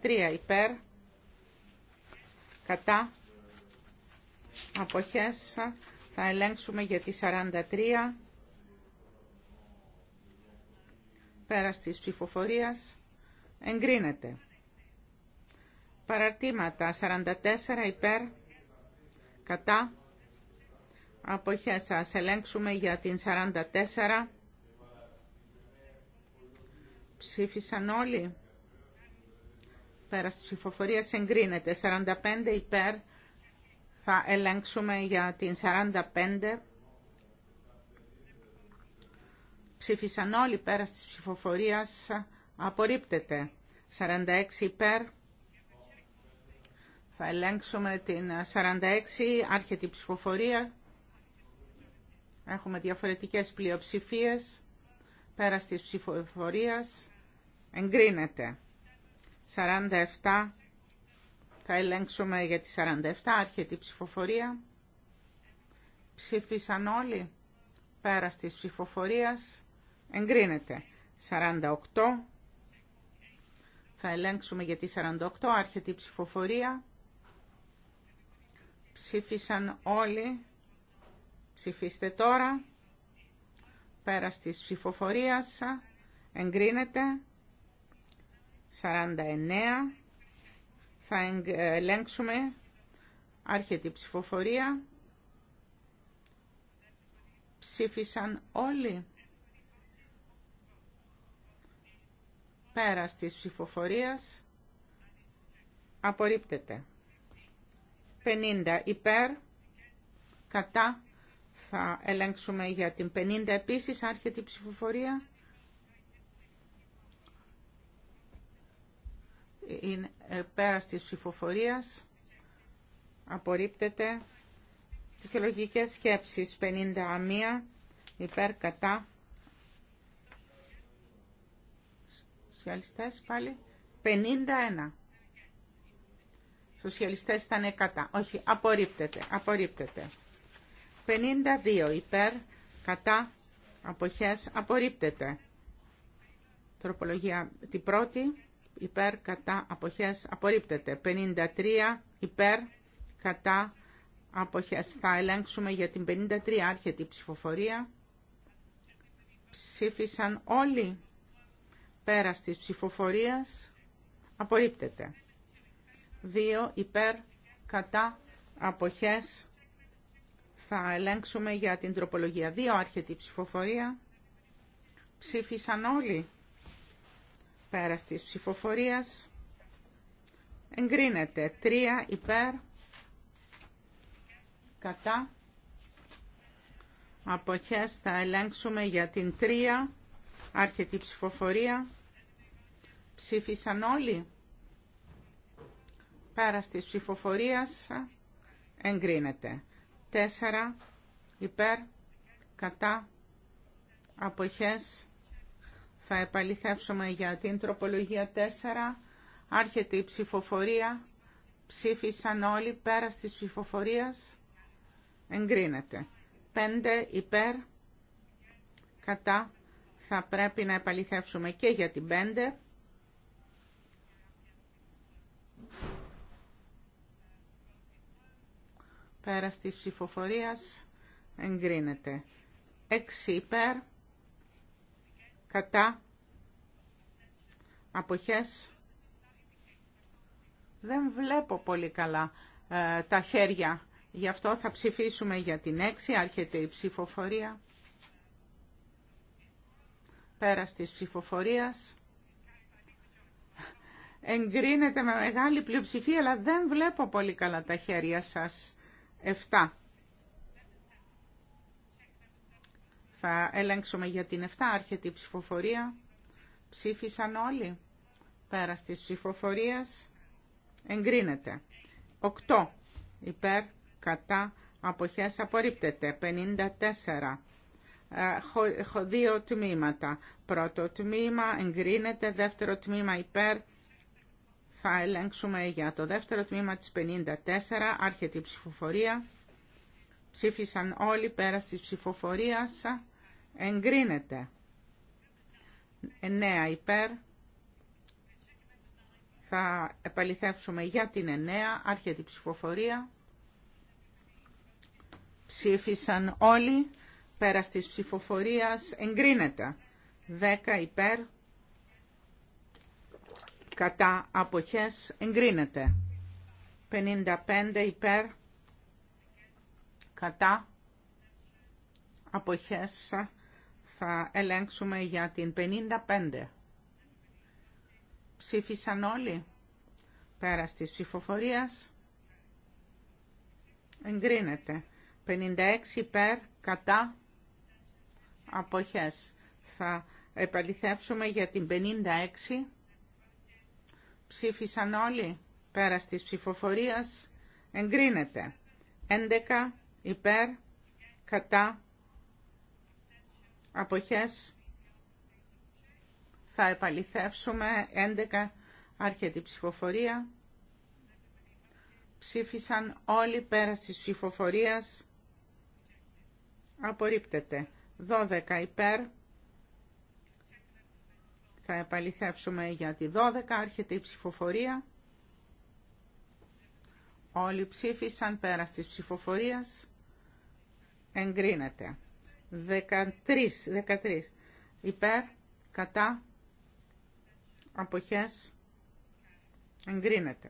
43 υπέρ κατά αποχές θα ελέγξουμε για τη 43 Πέρα της ψηφοφορίας εγκρίνεται. Παραρτήματα 44 υπέρ κατά αποχές. σα ελέγξουμε για την 44. Ψήφισαν όλοι. Πέρας της ψηφοφορίας εγκρίνεται. 45 υπέρ. Θα ελέγξουμε για την 45. Ψήφισαν όλοι πέρα της ψηφοφορίας. Απορρίπτεται. 46 υπέρ. Θα ελέγξουμε την 46. Άρχεται η ψηφοφορία. Έχουμε διαφορετικές πλειοψηφίες. Πέρα της ψηφοφορίας. Εγκρίνεται. 47. Θα ελέγξουμε για τη 47. Άρχεται ψηφοφορία. Ψήφισαν όλοι πέρα της ψηφοφορίας Εγκρίνεται. 48. Θα ελέγξουμε γιατί 48. Άρχεται η ψηφοφορία. Ψήφισαν όλοι. Ψηφίστε τώρα. Πέρα της ψηφοφορίας. Εγκρίνεται. 49. Θα ελέγξουμε. Άρχεται η ψηφοφορία. Ψήφισαν όλοι. Πέρας της ψηφοφορίας απορρίπτεται. 50 υπέρ, κατά, θα ελέγξουμε για την 50 επίσης, άρχεται η ψηφοφορία. Είναι πέρας της ψηφοφορίας, απορρίπτεται. Τις σκέψεις 51 υπέρ, κατά, σοσιαλιστές πάλι. 51. Σοσιαλιστές ήταν κατά. Όχι, απορρίπτεται, απορρίπτεται. 52 υπέρ, κατά, αποχές, απορρίπτεται. Τροπολογία την πρώτη, υπέρ, κατά, αποχές, απορρίπτεται. 53 υπέρ, κατά, αποχές. Θα ελέγξουμε για την 53 άρχεται η ψηφοφορία. Ψήφισαν όλοι. Πέρας της ψηφοφορίας απορρίπτεται. 2 υπέρ κατά αποχές θα ελέγξουμε για την τροπολογία 2 άρχεται η ψηφοφορία. Ψήφισαν όλοι. Πέρας της ψηφοφορίας εγκρίνεται. 3 υπέρ κατά αποχές θα ελέγξουμε για την 3 άρχεται η ψηφοφορία. Ψήφισαν όλοι. Πέρα της ψηφοφορίας εγκρίνεται. 4 υπέρ κατά αποχές θα επαληθεύσουμε για την τροπολογία 4. Άρχεται η ψηφοφορία. Ψήφισαν όλοι πέρα της ψηφοφορίας. Εγκρίνεται. Πέντε υπέρ κατά θα πρέπει να επαληθεύσουμε και για την πέντε. Πέρας της ψηφοφορίας εγκρίνεται. 6 υπέρ, κατά, αποχές. Δεν βλέπω πολύ καλά ε, τα χέρια. Γι' αυτό θα ψηφίσουμε για την 6. Άρχεται η ψηφοφορία. Πέρα της ψηφοφορίας. Εγκρίνεται με μεγάλη πλειοψηφία, αλλά δεν βλέπω πολύ καλά τα χέρια σας. 7. Θα ελέγξουμε για την 7. Άρχεται η ψηφοφορία. Ψήφισαν όλοι. Πέρα τη ψηφοφορία. Εγκρίνεται. 8. Υπέρ, κατά, αποχές απορρίπτεται. 54. Έχω ε, δύο τμήματα. Πρώτο τμήμα εγκρίνεται, δεύτερο τμήμα υπέρ, θα ελέγξουμε για το δεύτερο τμήμα της 54, άρχεται η ψηφοφορία. Ψήφισαν όλοι πέρα της ψηφοφορίας. Εγκρίνεται. 9 υπέρ. Θα επαληθεύσουμε για την 9, άρχεται η ψηφοφορία. Ψήφισαν όλοι πέρα της ψηφοφορίας. Εγκρίνεται. 10 υπέρ κατά αποχές εγκρίνεται. 55 υπέρ κατά αποχές θα ελέγξουμε για την 55. Ψήφισαν όλοι πέρα της ψηφοφορίας. Εγκρίνεται. 56 υπέρ κατά αποχές. Θα επαληθεύσουμε για την 56. Ψήφισαν όλοι πέρας της ψηφοφορίας. Εγκρίνεται. 11 υπέρ, κατά, αποχές. Θα επαληθεύσουμε. 11 άρχεται η ψηφοφορία. Ψήφισαν όλοι πέρας της ψηφοφορίας. Απορρίπτεται. 12 υπέρ, θα επαληθεύσουμε για τη 12. Άρχεται η ψηφοφορία. Όλοι ψήφισαν πέρα της ψηφοφορίας. Εγκρίνεται. 13, 13. Υπέρ, κατά, αποχές, εγκρίνεται.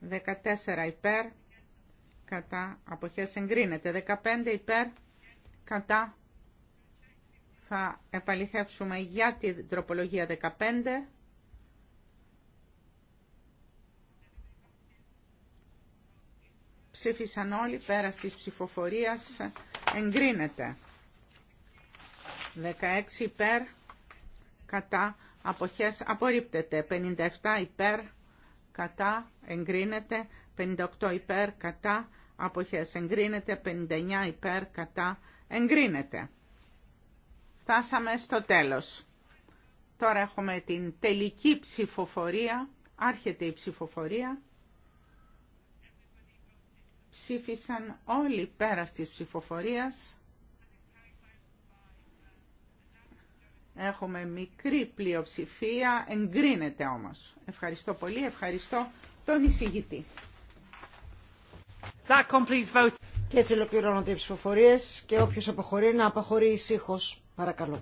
14 υπέρ, κατά, αποχές εγκρίνεται. 15 υπέρ, κατά, θα επαληθεύσουμε για την τροπολογία 15. Ψήφισαν όλοι πέρα της ψηφοφορίας. Εγκρίνεται. 16 υπέρ, κατά, αποχές, απορρίπτεται. 57 υπέρ, κατά, εγκρίνεται. 58 υπέρ, κατά, αποχές, εγκρίνεται. 59 υπέρ, κατά, εγκρίνεται. Φτάσαμε στο τέλος. Τώρα έχουμε την τελική ψηφοφορία. Άρχεται η ψηφοφορία. Ψήφισαν όλοι πέρα της ψηφοφορίας. Έχουμε μικρή πλειοψηφία, εγκρίνεται όμως. Ευχαριστώ πολύ, ευχαριστώ τον εισηγητή. That και έτσι ολοκληρώνονται οι ψηφοφορίες και όποιος αποχωρεί να αποχωρεί ησύχως. Παρακαλώ.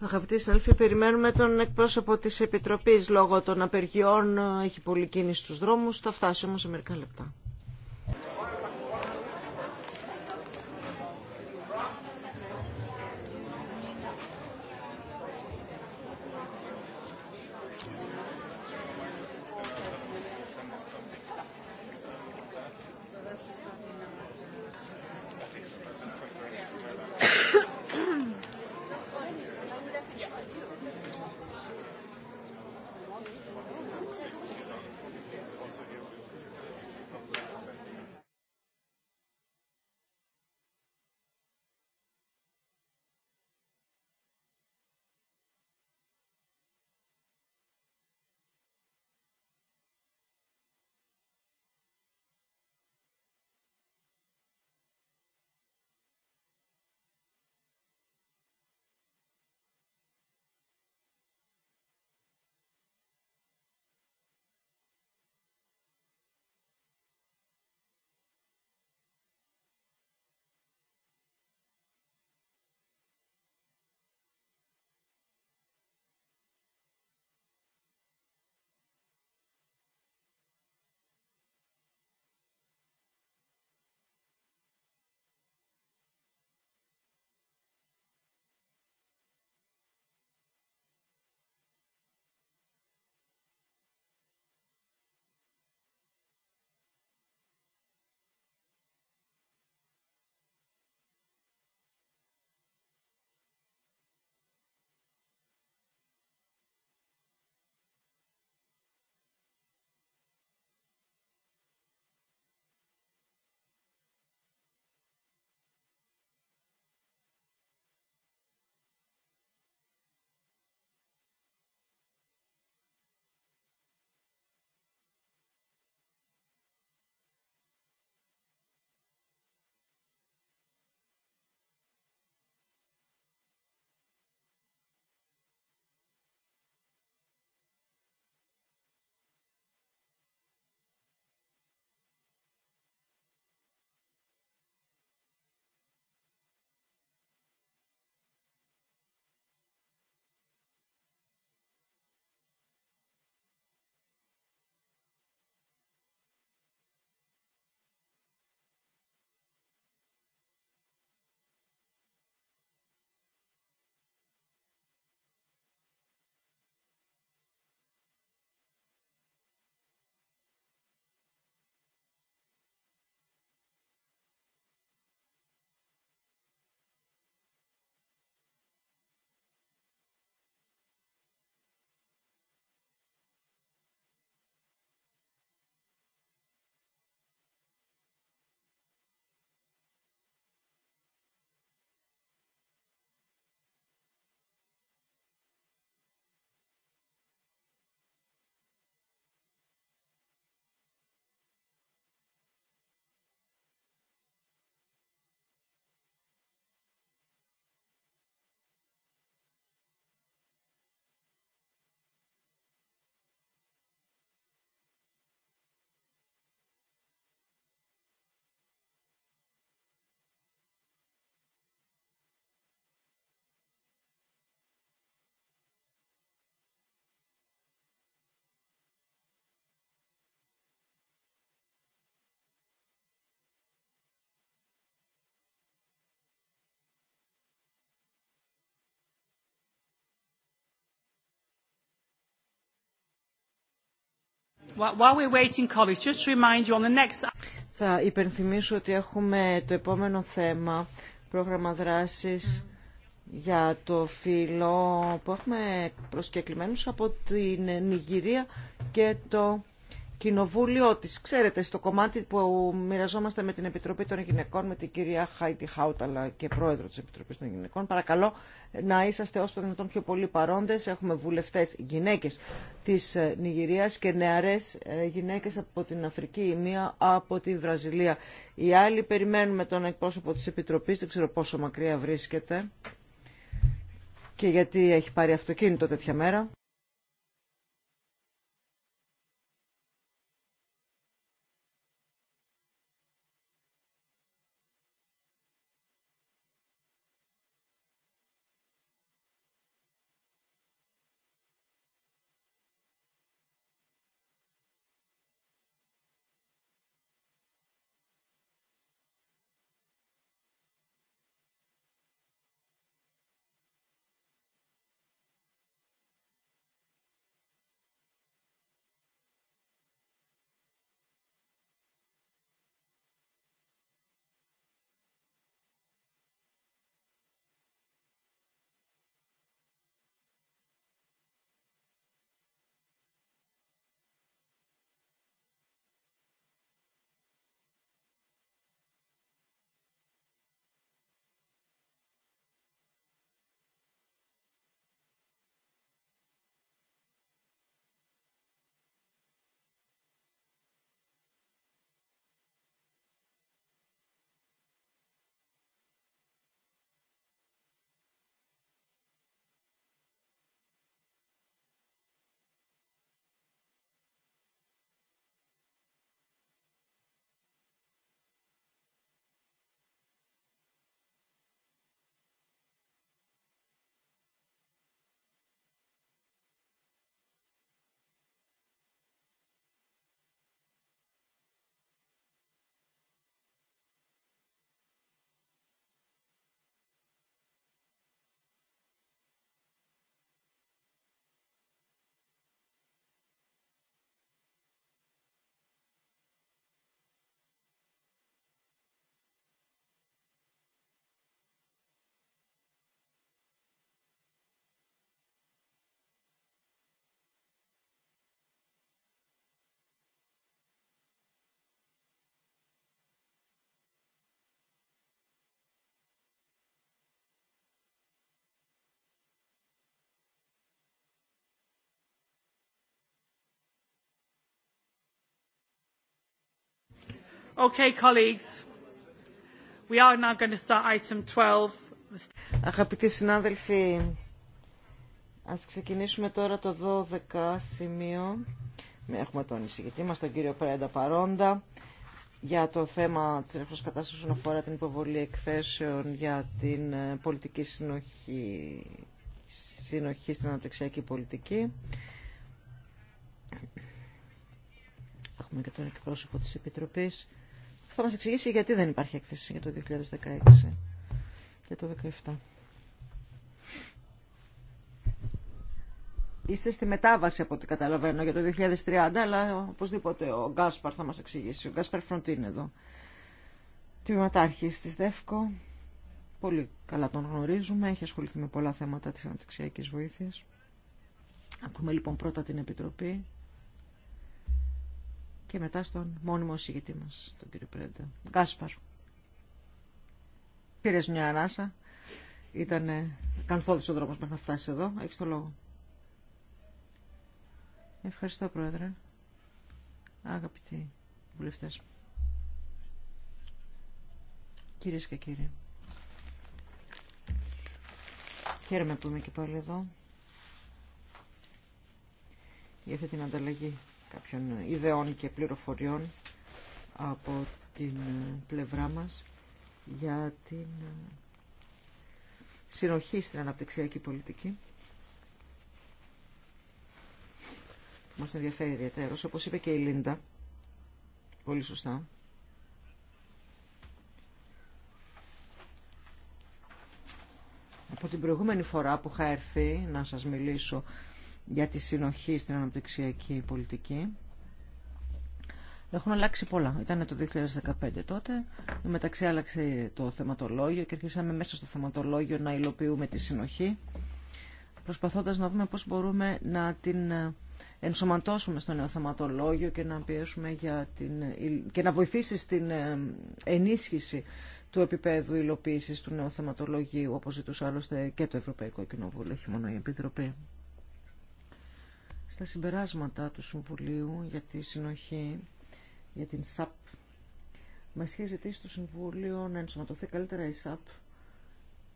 Αγαπητοί συνάδελφοι, περιμένουμε τον εκπρόσωπο της Επιτροπής λόγω των απεργιών. Έχει πολλή κίνηση στους δρόμους. Θα φτάσει όμως σε μερικά λεπτά. Θα υπενθυμίσω ότι έχουμε το επόμενο θέμα, πρόγραμμα δράσης για το φύλλο που έχουμε προσκεκλημένους από την Νιγηρία και το κοινοβούλιο τη, ξέρετε, στο κομμάτι που μοιραζόμαστε με την Επιτροπή των Γυναικών, με την κυρία Χάιτι Χάουταλα και πρόεδρο τη Επιτροπή των Γυναικών. Παρακαλώ να είσαστε όσο το δυνατόν πιο πολύ παρόντε. Έχουμε βουλευτέ γυναίκε τη ε, Νιγηρίας και νεαρές ε, γυναίκες από την Αφρική, η μία από τη Βραζιλία. Οι άλλοι περιμένουμε τον εκπρόσωπο τη Επιτροπή, δεν ξέρω πόσο μακριά βρίσκεται και γιατί έχει πάρει αυτοκίνητο τέτοια μέρα. Αγαπητοί συνάδελφοι, ας ξεκινήσουμε τώρα το 12 σημείο. Έχουμε τον εισηγητή μας, τον κύριο Πρέντα Παρόντα, για το θέμα της ρεύσης κατάστασης όσον αφορά την υποβολή εκθέσεων για την ε, πολιτική συνοχή, συνοχή στην αναπτυξιακή πολιτική. Έχουμε και τον εκπρόσωπο της Επιτροπής θα μας εξηγήσει γιατί δεν υπάρχει έκθεση για το 2016 και το 2017. Είστε στη μετάβαση από ό,τι καταλαβαίνω για το 2030, αλλά οπωσδήποτε ο Γκάσπαρ θα μας εξηγήσει. Ο Γκάσπαρ Φροντίν εδώ. Τμήματάρχης της ΔΕΦΚΟ. Πολύ καλά τον γνωρίζουμε. Έχει ασχοληθεί με πολλά θέματα της αναπτυξιακής βοήθειας. Ακούμε λοιπόν πρώτα την Επιτροπή και μετά στον μόνιμο συγητή μας, τον κύριο Πρέντα. Γκάσπαρ. Πήρες μια ανάσα. Ήταν κανθόδης ο δρόμος μέχρι να φτάσει εδώ. Έχεις το λόγο. Ευχαριστώ, Πρόεδρε. Αγαπητοί βουλευτές. Κυρίες και κύριοι. Χαίρομαι που είμαι και πάλι εδώ για αυτή την ανταλλαγή κάποιων ιδεών και πληροφοριών από την ε, πλευρά μας για την ε, συνοχή στην αναπτυξιακή πολιτική. Μας ενδιαφέρει ιδιαίτερος, όπως είπε και η Λίντα, πολύ σωστά. Από την προηγούμενη φορά που είχα έρθει να σας μιλήσω για τη συνοχή στην αναπτυξιακή πολιτική. Έχουν αλλάξει πολλά. Ήταν το 2015 τότε. Μεταξύ άλλαξε το θεματολόγιο και αρχίσαμε μέσα στο θεματολόγιο να υλοποιούμε τη συνοχή, προσπαθώντας να δούμε πώς μπορούμε να την ε, ενσωματώσουμε στο νέο θεματολόγιο και να πιέσουμε για την... Ε, και να βοηθήσει στην ε, ενίσχυση του επίπεδου υλοποίησης του νέου θεματολογίου, όπως ζητούσε άλλωστε και το Ευρωπαϊκό Κοινοβούλιο, όχι μόνο η Επιτροπή στα συμπεράσματα του Συμβουλίου για τη συνοχή, για την ΣΑΠ. Μας είχε ζητήσει το Συμβούλιο να ενσωματωθεί καλύτερα η ΣΑΠ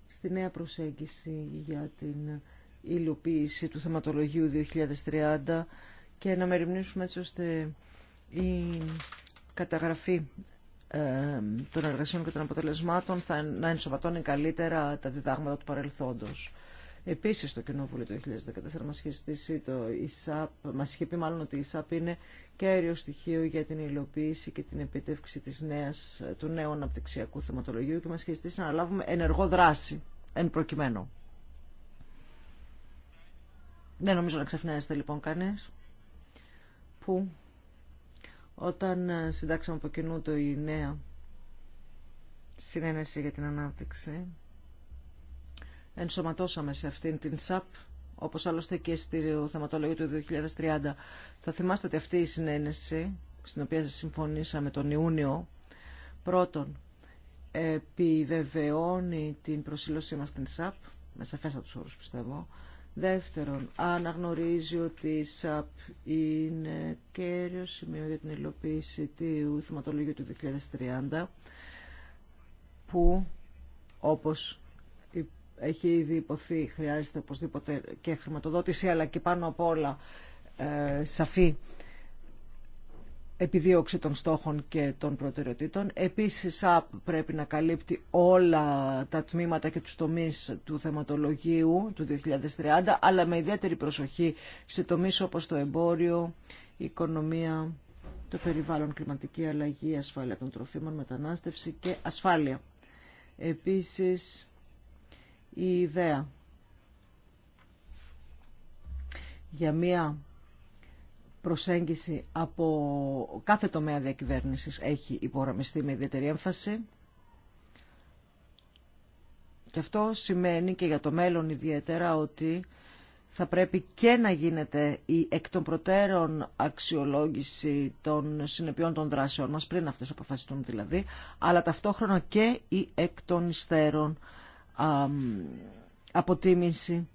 στη νέα προσέγγιση για την υλοποίηση του θεματολογίου 2030 και να μεριμνήσουμε έτσι ώστε η καταγραφή ε, των εργασιών και των αποτελεσμάτων θα, να ενσωματώνει καλύτερα τα διδάγματα του παρελθόντος. Επίση το Κοινοβούλιο το 2014 μας είχε, το είχε πει μάλλον ότι η ΣΑΠ είναι κέριο στοιχείο για την υλοποίηση και την επιτεύξη της νέας, του νέου αναπτυξιακού θεματολογίου και μας είχε ζητήσει να αναλάβουμε ενεργό δράση εν προκειμένου. Δεν νομίζω να τη λοιπόν κανείς που όταν ε, συντάξαμε από κοινού το η νέα συνένεση για την ανάπτυξη ενσωματώσαμε σε αυτήν την ΣΑΠ, όπως άλλωστε και στο θεματολόγιο του 2030. Θα θυμάστε ότι αυτή η συνένεση, στην οποία συμφωνήσαμε τον Ιούνιο, πρώτον, επιβεβαιώνει την προσήλωσή μας στην ΣΑΠ, με σαφέστατους όρους πιστεύω, Δεύτερον, αναγνωρίζει ότι η ΣΑΠ είναι κέριο σημείο για την υλοποίηση του θεματολογίου του 2030, που όπως έχει ήδη υποθεί, χρειάζεται οπωσδήποτε και χρηματοδότηση, αλλά και πάνω απ' όλα ε, σαφή επιδίωξη των στόχων και των προτεραιοτήτων. Επίσης, ΑΠ πρέπει να καλύπτει όλα τα τμήματα και τους τομείς του θεματολογίου του 2030, αλλά με ιδιαίτερη προσοχή σε τομείς όπως το εμπόριο, η οικονομία, το περιβάλλον, κλιματική αλλαγή, ασφάλεια των τροφίμων, μετανάστευση και ασφάλεια. Επίσης, η ιδέα για μία προσέγγιση από κάθε τομέα διακυβέρνησης έχει υπογραμμιστεί με ιδιαίτερη έμφαση. Και αυτό σημαίνει και για το μέλλον ιδιαίτερα ότι θα πρέπει και να γίνεται η εκ των προτέρων αξιολόγηση των συνεπειών των δράσεων μας, πριν αυτές αποφασιστούν δηλαδή, αλλά ταυτόχρονα και η εκ των υστέρων αποτίμηση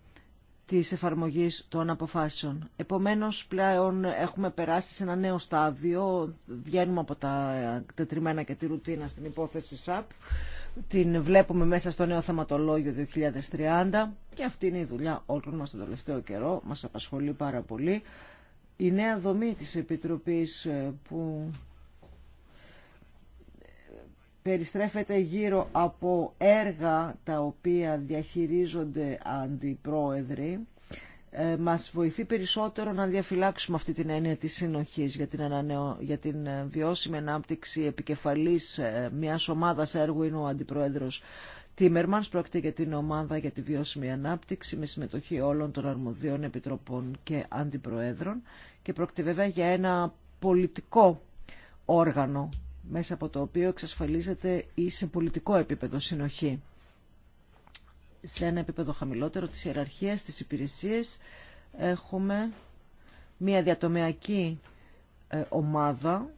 της εφαρμογής των αποφάσεων. Επομένως, πλέον έχουμε περάσει σε ένα νέο στάδιο, βγαίνουμε από τα τετριμένα και τη ρουτίνα στην υπόθεση ΣΑΠ, την βλέπουμε μέσα στο νέο θεματολόγιο 2030 και αυτή είναι η δουλειά όλων μας τον τελευταίο καιρό, μας απασχολεί πάρα πολύ. Η νέα δομή της Επιτροπής ε, που περιστρέφεται γύρω από έργα τα οποία διαχειρίζονται αντιπρόεδροι ε, μας βοηθεί περισσότερο να διαφυλάξουμε αυτή την έννοια της συνοχής για την, ανανεω... για την ε, βιώσιμη ανάπτυξη επικεφαλής ε, μιας ομάδας έργου είναι ο Αντιπρόεδρος Τίμερμανς πρόκειται για την ομάδα για τη βιώσιμη ανάπτυξη με συμμετοχή όλων των αρμοδίων επιτροπών και αντιπροέδρων και πρόκειται βέβαια για ένα πολιτικό όργανο μέσα από το οποίο εξασφαλίζεται η σε πολιτικό επίπεδο συνοχή. Σε ένα επίπεδο χαμηλότερο της ιεραρχίας, της υπηρεσίας, έχουμε μια διατομεακή ε, ομάδα,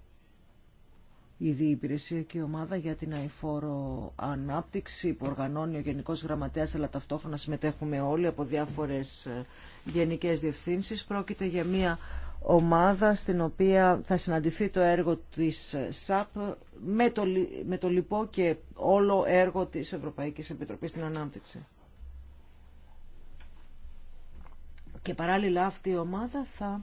η υπηρεσιακή ομάδα για την αηφόρο ανάπτυξη που οργανώνει ο Γενικός Γραμματέας αλλά ταυτόχρονα συμμετέχουμε όλοι από διάφορες ε, γενικές διευθύνσεις. Πρόκειται για μια ομάδα στην οποία θα συναντηθεί το έργο της ΣΑΠ με το, με λοιπό και όλο έργο της Ευρωπαϊκής Επιτροπής στην Ανάπτυξη. Και παράλληλα αυτή η ομάδα θα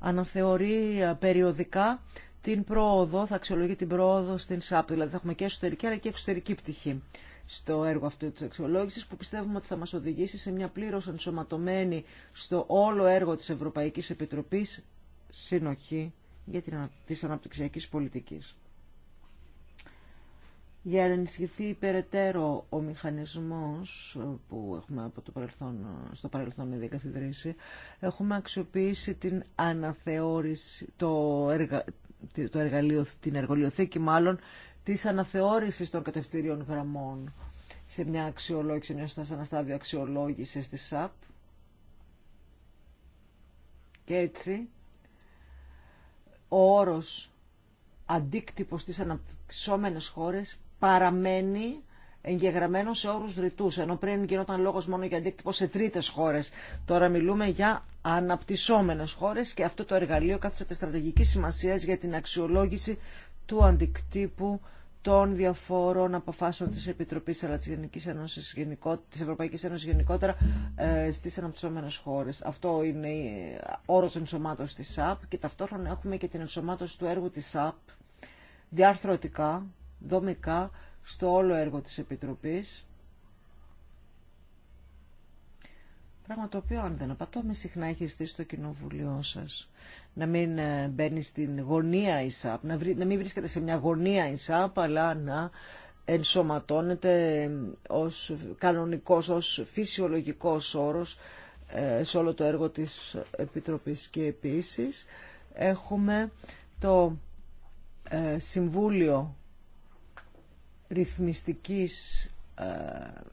αναθεωρεί ε, περιοδικά την πρόοδο, θα αξιολογεί την πρόοδο στην ΣΑΠ. Δηλαδή θα έχουμε και εσωτερική αλλά και εξωτερική πτυχή στο έργο αυτό της αξιολόγησης που πιστεύουμε ότι θα μας οδηγήσει σε μια πλήρως ενσωματωμένη στο όλο έργο της Ευρωπαϊκής Επιτροπής συνοχή για την, της αναπτυξιακής πολιτικής. Για να ενισχυθεί περαιτέρω ο μηχανισμός ε, που έχουμε από το παρελθόν, ε, στο παρελθόν ήδη καθιδρύσει, έχουμε αξιοποιήσει την αναθεώρηση, το, εργα, εργαλείο, την εργολιοθήκη μάλλον, της αναθεώρησης των κατευθυντήριων γραμμών σε μια αξιολόγηση, μια σε στάδιο της ΣΑΠ. Και έτσι ο όρος αντίκτυπος στις αναπτυσσόμενες χώρες παραμένει εγγεγραμμένο σε όρους ρητούς, ενώ πριν γινόταν λόγος μόνο για αντίκτυπο σε τρίτες χώρες. Τώρα μιλούμε για αναπτυσσόμενες χώρες και αυτό το εργαλείο κάθεται στρατηγική σημασία για την αξιολόγηση του αντικτύπου των διαφόρων αποφάσεων της Επιτροπής αλλά της, Ευρωπαϊκής Ένωσης γενικότερα ε, στις αναπτυσσόμενες χώρες. Αυτό είναι όρος ενσωμάτωσης της ΣΑΠ και ταυτόχρονα έχουμε και την ενσωμάτωση του έργου της ΣΑΠ διαρθρωτικά, δομικά, στο όλο έργο της Επιτροπής. Πράγμα το οποίο, αν δεν με συχνά έχει στήσει το κοινοβουλίο σας να μην ε, μπαίνει στην γωνία η να, να μην βρίσκεται σε μια γωνία ΙΣΑΠ, αλλά να ενσωματώνεται ως κανονικός, ως φυσιολογικός όρος ε, σε όλο το έργο της Επιτροπής. Και επίσης έχουμε το ε, Συμβούλιο Ρυθμιστικής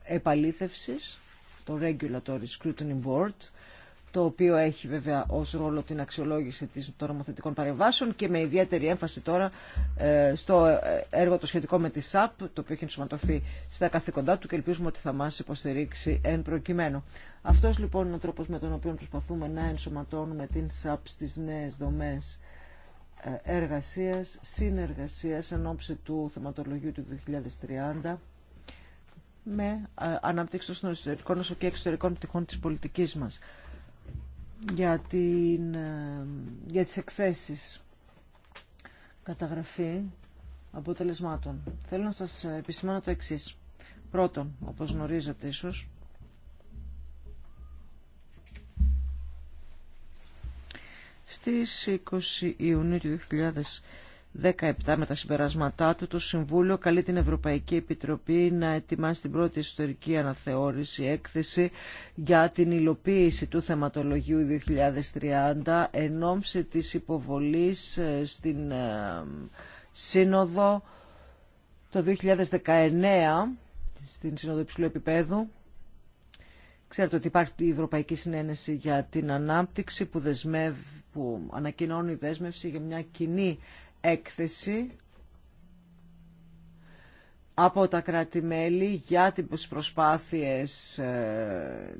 Επαλήθευσης, το Regulatory Scrutiny Board, το οποίο έχει βέβαια ως ρόλο την αξιολόγηση των νομοθετικών παρεμβάσεων και με ιδιαίτερη έμφαση τώρα ε, στο ε, έργο το σχετικό με τη ΣΑΠ, το οποίο έχει ενσωματωθεί στα καθήκοντά του και ελπίζουμε ότι θα μας υποστηρίξει εν προκειμένου. Αυτός λοιπόν είναι ο τρόπος με τον οποίο προσπαθούμε να ενσωματώνουμε την ΣΑΠ στις νέες δομές ε, εργασίας, συνεργασίας εν ώψη του θεματολογίου του 2030 με ανάπτυξη των εσωτερικών όσο και εξωτερικών πτυχών της πολιτικής μας για, την, ε, για τις εκθέσεις καταγραφή αποτελεσμάτων. Θέλω να σας επισημάνω το εξής. Πρώτον, όπως γνωρίζετε ίσως, στις 20 Ιουνίου του 17 με τα συμπεράσματά του, το Συμβούλιο καλεί την Ευρωπαϊκή Επιτροπή να ετοιμάσει την πρώτη ιστορική αναθεώρηση έκθεση για την υλοποίηση του θεματολογίου 2030 εν ώψη της υποβολής ε, στην ε, Σύνοδο το 2019 στην Σύνοδο Υψηλού Επιπέδου. Ξέρετε ότι υπάρχει η Ευρωπαϊκή Συνένεση για την Ανάπτυξη που, που ανακοινώνει δέσμευση για μια κοινή έκθεση από τα κράτη-μέλη για τις προσπάθειες ε,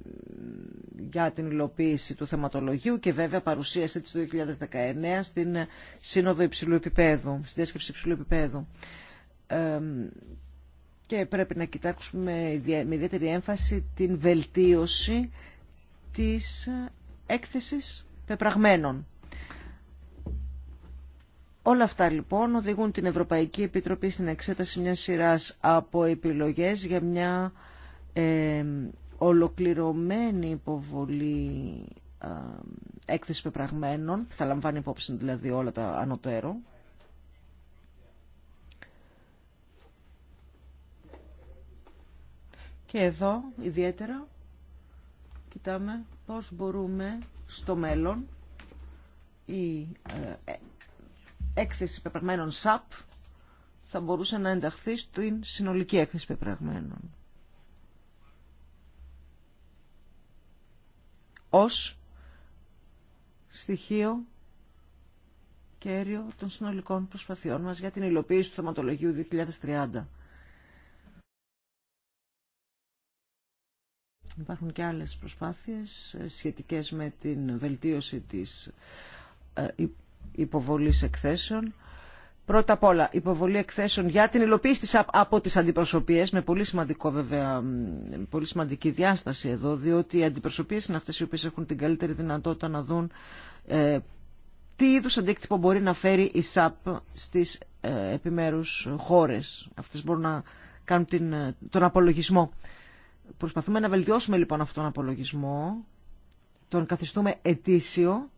για την υλοποίηση του θεματολογίου και βέβαια παρουσίασε το 2019 στην Σύνοδο Υψηλού Επιπέδου, στη Διάσκεψη Υψηλού Επιπέδου. Ε, και πρέπει να κοιτάξουμε με ιδιαίτερη έμφαση την βελτίωση της έκθεσης πεπραγμένων Όλα αυτά λοιπόν οδηγούν την Ευρωπαϊκή Επιτροπή στην εξέταση μιας σειράς από επιλογές για μια ε, ολοκληρωμένη υποβολή ε, έκθεση πεπραγμένων, που θα λαμβάνει υπόψη δηλαδή όλα τα ανωτέρω. Και εδώ ιδιαίτερα κοιτάμε πώς μπορούμε στο μέλλον η ε, έκθεση πεπραγμένων ΣΑΠ θα μπορούσε να ενταχθεί στην συνολική έκθεση πεπραγμένων. Ως στοιχείο κέριο των συνολικών προσπαθειών μας για την υλοποίηση του θεματολογίου 2030. Υπάρχουν και άλλες προσπάθειες ε, σχετικές με την βελτίωση της ε, υποβολής εκθέσεων. Πρώτα απ' όλα, υποβολή εκθέσεων για την υλοποίηση της, από τις αντιπροσωπείες, με πολύ, σημαντικό, βέβαια, πολύ σημαντική διάσταση εδώ, διότι οι αντιπροσωπείες είναι αυτές οι οποίες έχουν την καλύτερη δυνατότητα να δουν ε, τι είδους αντίκτυπο μπορεί να φέρει η ΣΑΠ στις ε, επιμέρους χώρες. Αυτές μπορούν να κάνουν την, ε, τον απολογισμό. Προσπαθούμε να βελτιώσουμε λοιπόν αυτόν τον απολογισμό, τον καθιστούμε ετήσιο,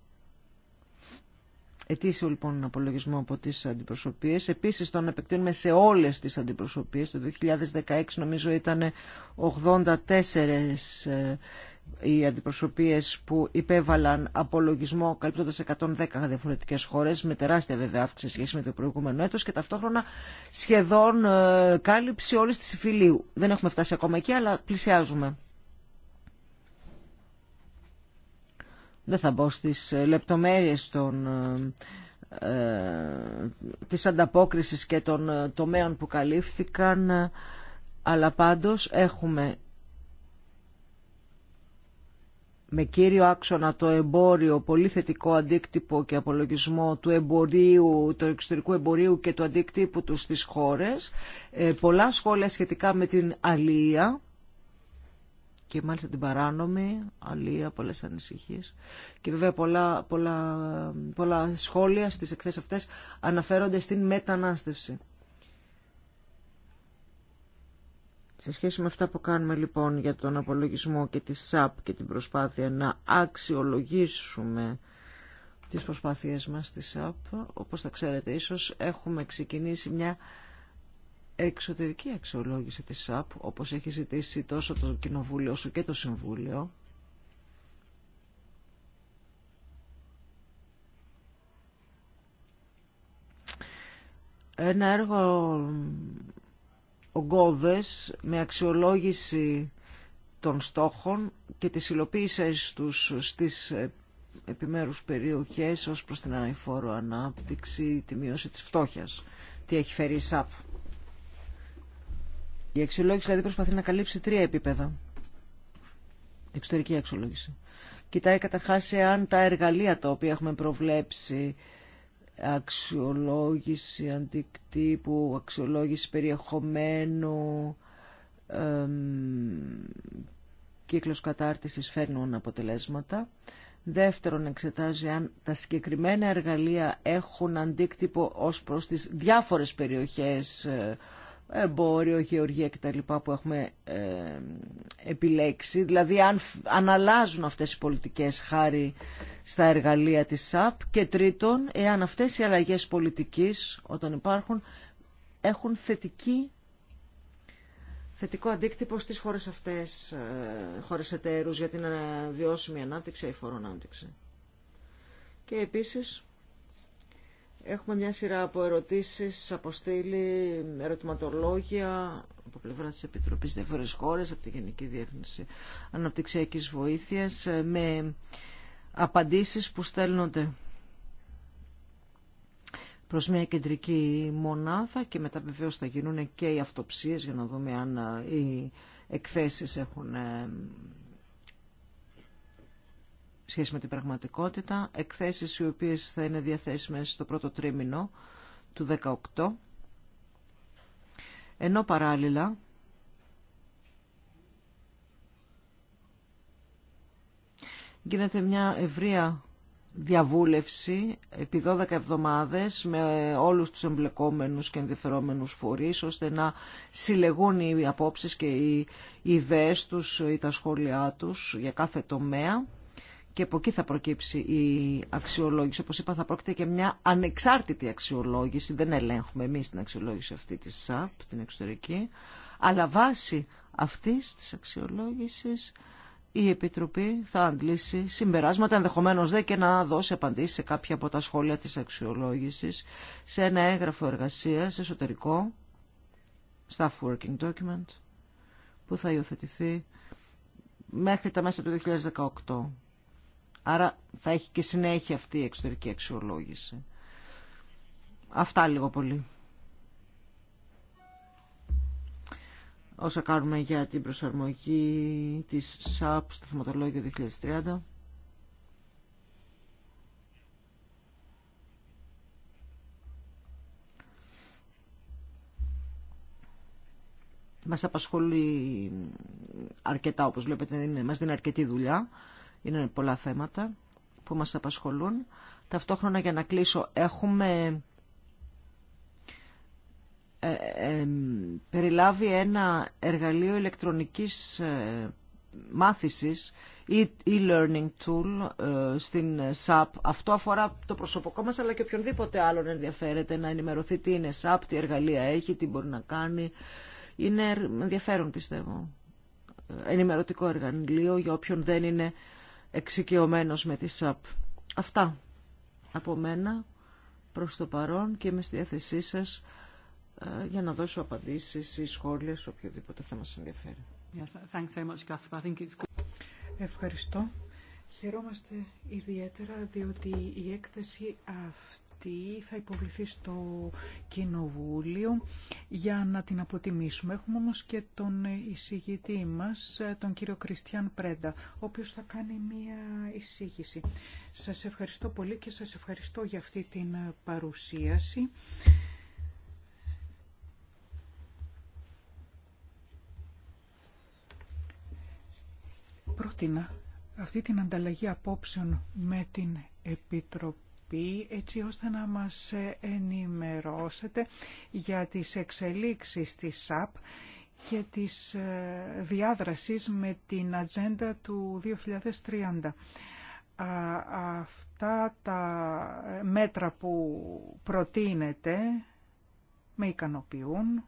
ετήσιο λοιπόν απολογισμό από τι αντιπροσωπείες. Επίσης τον επεκτείνουμε σε όλες τις αντιπροσωπείες. Το 2016 νομίζω ήταν 84 ε, οι αντιπροσωπείες που υπέβαλαν απολογισμό καλύπτοντας 110 διαφορετικές χώρες με τεράστια βέβαια αύξηση σχέση με το προηγούμενο έτος και ταυτόχρονα σχεδόν ε, κάλυψη όλης της υφηλίου. Δεν έχουμε φτάσει ακόμα εκεί αλλά πλησιάζουμε. Δεν θα μπω στις ε, λεπτομέρειες των, ε, ε, της ανταπόκρισης και των ε, τομέων που καλύφθηκαν, αλλά πάντως έχουμε με κύριο άξονα το εμπόριο, πολύ θετικό αντίκτυπο και απολογισμό του εμπορίου, του εξωτερικού εμπορίου και του αντίκτυπου του στις χώρες. πολλά σχόλια σχετικά με την αλία και μάλιστα την παράνομη, αλία, πολλές ανησυχίες. Και βέβαια πολλά, πολλά, πολλά σχόλια στις εκθέσεις αυτές αναφέρονται στην μετανάστευση. Σε σχέση με αυτά που κάνουμε λοιπόν για τον απολογισμό και τη ΣΑΠ και την προσπάθεια να αξιολογήσουμε τις προσπάθειές μας στη ΣΑΠ, όπως θα ξέρετε ίσως έχουμε ξεκινήσει μια εξωτερική αξιολόγηση της ΣΑΠ, όπως έχει ζητήσει τόσο το Κοινοβούλιο όσο και το Συμβούλιο, ένα έργο ογκώδες με αξιολόγηση των στόχων και τις υλοποίησης τους στις επιμέρους περιοχές ως προς την αναίφορο ανάπτυξη, τη μείωση της φτώχειας. Τι έχει φέρει η ΣΑΠ. Η αξιολόγηση δηλαδή προσπαθεί να καλύψει τρία επίπεδα. Εξωτερική αξιολόγηση. Κοιτάει καταρχάς εάν τα εργαλεία τα οποία έχουμε προβλέψει αξιολόγηση αντικτύπου, αξιολόγηση περιεχομένου, εμ, κύκλος κατάρτισης φέρνουν αποτελέσματα. Δεύτερον, εξετάζει αν τα συγκεκριμένα εργαλεία έχουν αντίκτυπο ως προς τις διάφορες περιοχές ε, εμπόριο, γεωργία λοιπά που έχουμε ε, επιλέξει. Δηλαδή αν, αλλάζουν αυτές οι πολιτικές χάρη στα εργαλεία της ΣΑΠ και τρίτον, εάν αυτές οι αλλαγές πολιτικής όταν υπάρχουν έχουν θετική θετικό αντίκτυπο στις χώρες αυτές, ε, χώρες εταίρους για την ε, βιώσιμη ανάπτυξη, ή φορονάπτυξη. Και επίσης Έχουμε μια σειρά από ερωτήσεις, από στήλη, ερωτηματολόγια από πλευρά της Επιτροπής Δεύτερες Χώρες, από τη Γενική Διεύθυνση Αναπτυξιακής Βοήθειας, ε, με απαντήσεις που στέλνονται προς μια κεντρική μονάδα και μετά βεβαίως θα γίνουν και οι αυτοψίες για να δούμε αν ε, οι εκθέσεις έχουν ε, σχέση με την πραγματικότητα, εκθέσεις οι οποίες θα είναι διαθέσιμες στο πρώτο τρίμηνο του 2018, ενώ παράλληλα γίνεται μια ευρεία διαβούλευση επί 12 εβδομάδες με όλους τους εμπλεκόμενους και ενδιαφερόμενους φορείς ώστε να συλλεγούν οι απόψεις και οι ιδέες τους ή τα σχόλιά τους για κάθε τομέα και από εκεί θα προκύψει η αξιολόγηση. Όπως είπα θα πρόκειται και μια ανεξάρτητη αξιολόγηση, δεν ελέγχουμε εμείς την αξιολόγηση αυτή της ΣΑΠ, την εξωτερική, αλλά βάσει αυτής της αξιολόγησης η Επιτροπή θα αντλήσει συμπεράσματα, ενδεχομένω δε και να δώσει απαντήσει σε κάποια από τα σχόλια της αξιολόγησης σε ένα έγγραφο εργασίας εσωτερικό, staff working document, που θα υιοθετηθεί μέχρι τα μέσα του 2018. Άρα θα έχει και συνέχεια αυτή η εξωτερική αξιολόγηση. Αυτά λίγο πολύ. Όσα κάνουμε για την προσαρμογή της ΣΑΠ στο θεματολόγιο 2030. Μας απασχολεί αρκετά, όπως βλέπετε, είναι, μας δίνει αρκετή δουλειά. Είναι πολλά θέματα που μας απασχολούν. Ταυτόχρονα για να κλείσω έχουμε ε, ε, περιλάβει ένα εργαλείο ηλεκτρονικής ε, μάθησης e-, e-learning tool ε, στην SAP. Αυτό αφορά το προσωπικό μας αλλά και οποιονδήποτε άλλον ενδιαφέρεται να ενημερωθεί τι είναι SAP, τι εργαλεία έχει, τι μπορεί να κάνει. Είναι ενδιαφέρον πιστεύω. Ενημερωτικό εργαλείο για όποιον δεν είναι εξοικειωμένος με τη ΣΑΠ. Αυτά από μένα προς το παρόν και είμαι στη διάθεσή σας ε, για να δώσω απαντήσεις ή σχόλια σε οποιοδήποτε θα μας ενδιαφέρει. Ευχαριστώ. Χαιρόμαστε ιδιαίτερα διότι η έκθεση αυτή αυτή θα υποβληθεί στο Κοινοβούλιο για να την αποτιμήσουμε. Έχουμε όμως και τον εισηγητή μας, τον κύριο Κριστιαν Πρέντα, ο οποίος θα κάνει μία εισήγηση. Σας ευχαριστώ πολύ και σας ευχαριστώ για αυτή την παρουσίαση. πρότεινα αυτή την ανταλλαγή απόψεων με την Επιτροπή έτσι ώστε να μας ενημερώσετε για τις εξελίξεις της ΣΑΠ και της ε, διάδρασης με την ατζέντα του 2030. Αυτά τα ε, μέτρα που προτείνεται με ικανοποιούν,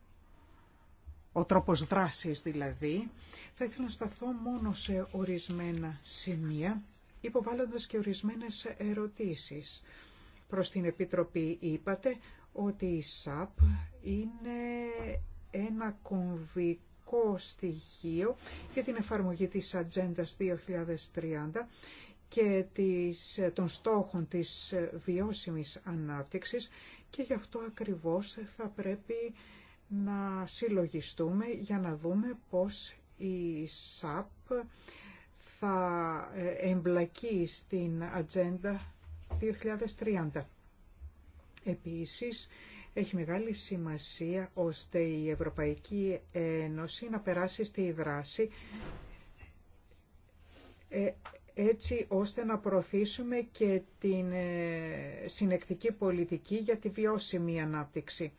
ο τρόπος δράσης δηλαδή. Θα ήθελα να σταθώ μόνο σε ορισμένα σημεία υποβάλλοντας και ορισμένες ερωτήσεις. Προς την Επιτροπή είπατε ότι η ΣΑΠ είναι ένα κομβικό στοιχείο για την εφαρμογή της Ατζέντα 2030 και των στόχων της βιώσιμης ανάπτυξης και γι' αυτό ακριβώς θα πρέπει να συλλογιστούμε για να δούμε πώς η ΣΑΠ θα ε, εμπλακεί στην Ατζέντα 2030. Επίσης, έχει μεγάλη σημασία ώστε η Ευρωπαϊκή Ένωση να περάσει στη δράση ε, έτσι ώστε να προωθήσουμε και την ε, συνεκτική πολιτική για τη βιώσιμη ανάπτυξη.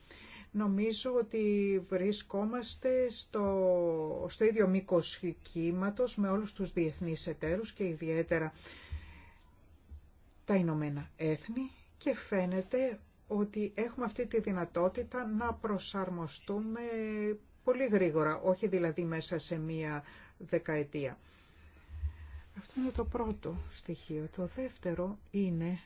Νομίζω ότι βρισκόμαστε στο, στο ίδιο μήκος κύματος με όλους τους διεθνείς εταίρους και ιδιαίτερα τα Ηνωμένα Έθνη και φαίνεται ότι έχουμε αυτή τη δυνατότητα να προσαρμοστούμε πολύ γρήγορα, όχι δηλαδή μέσα σε μία δεκαετία. Αυτό είναι το πρώτο στοιχείο. Το δεύτερο είναι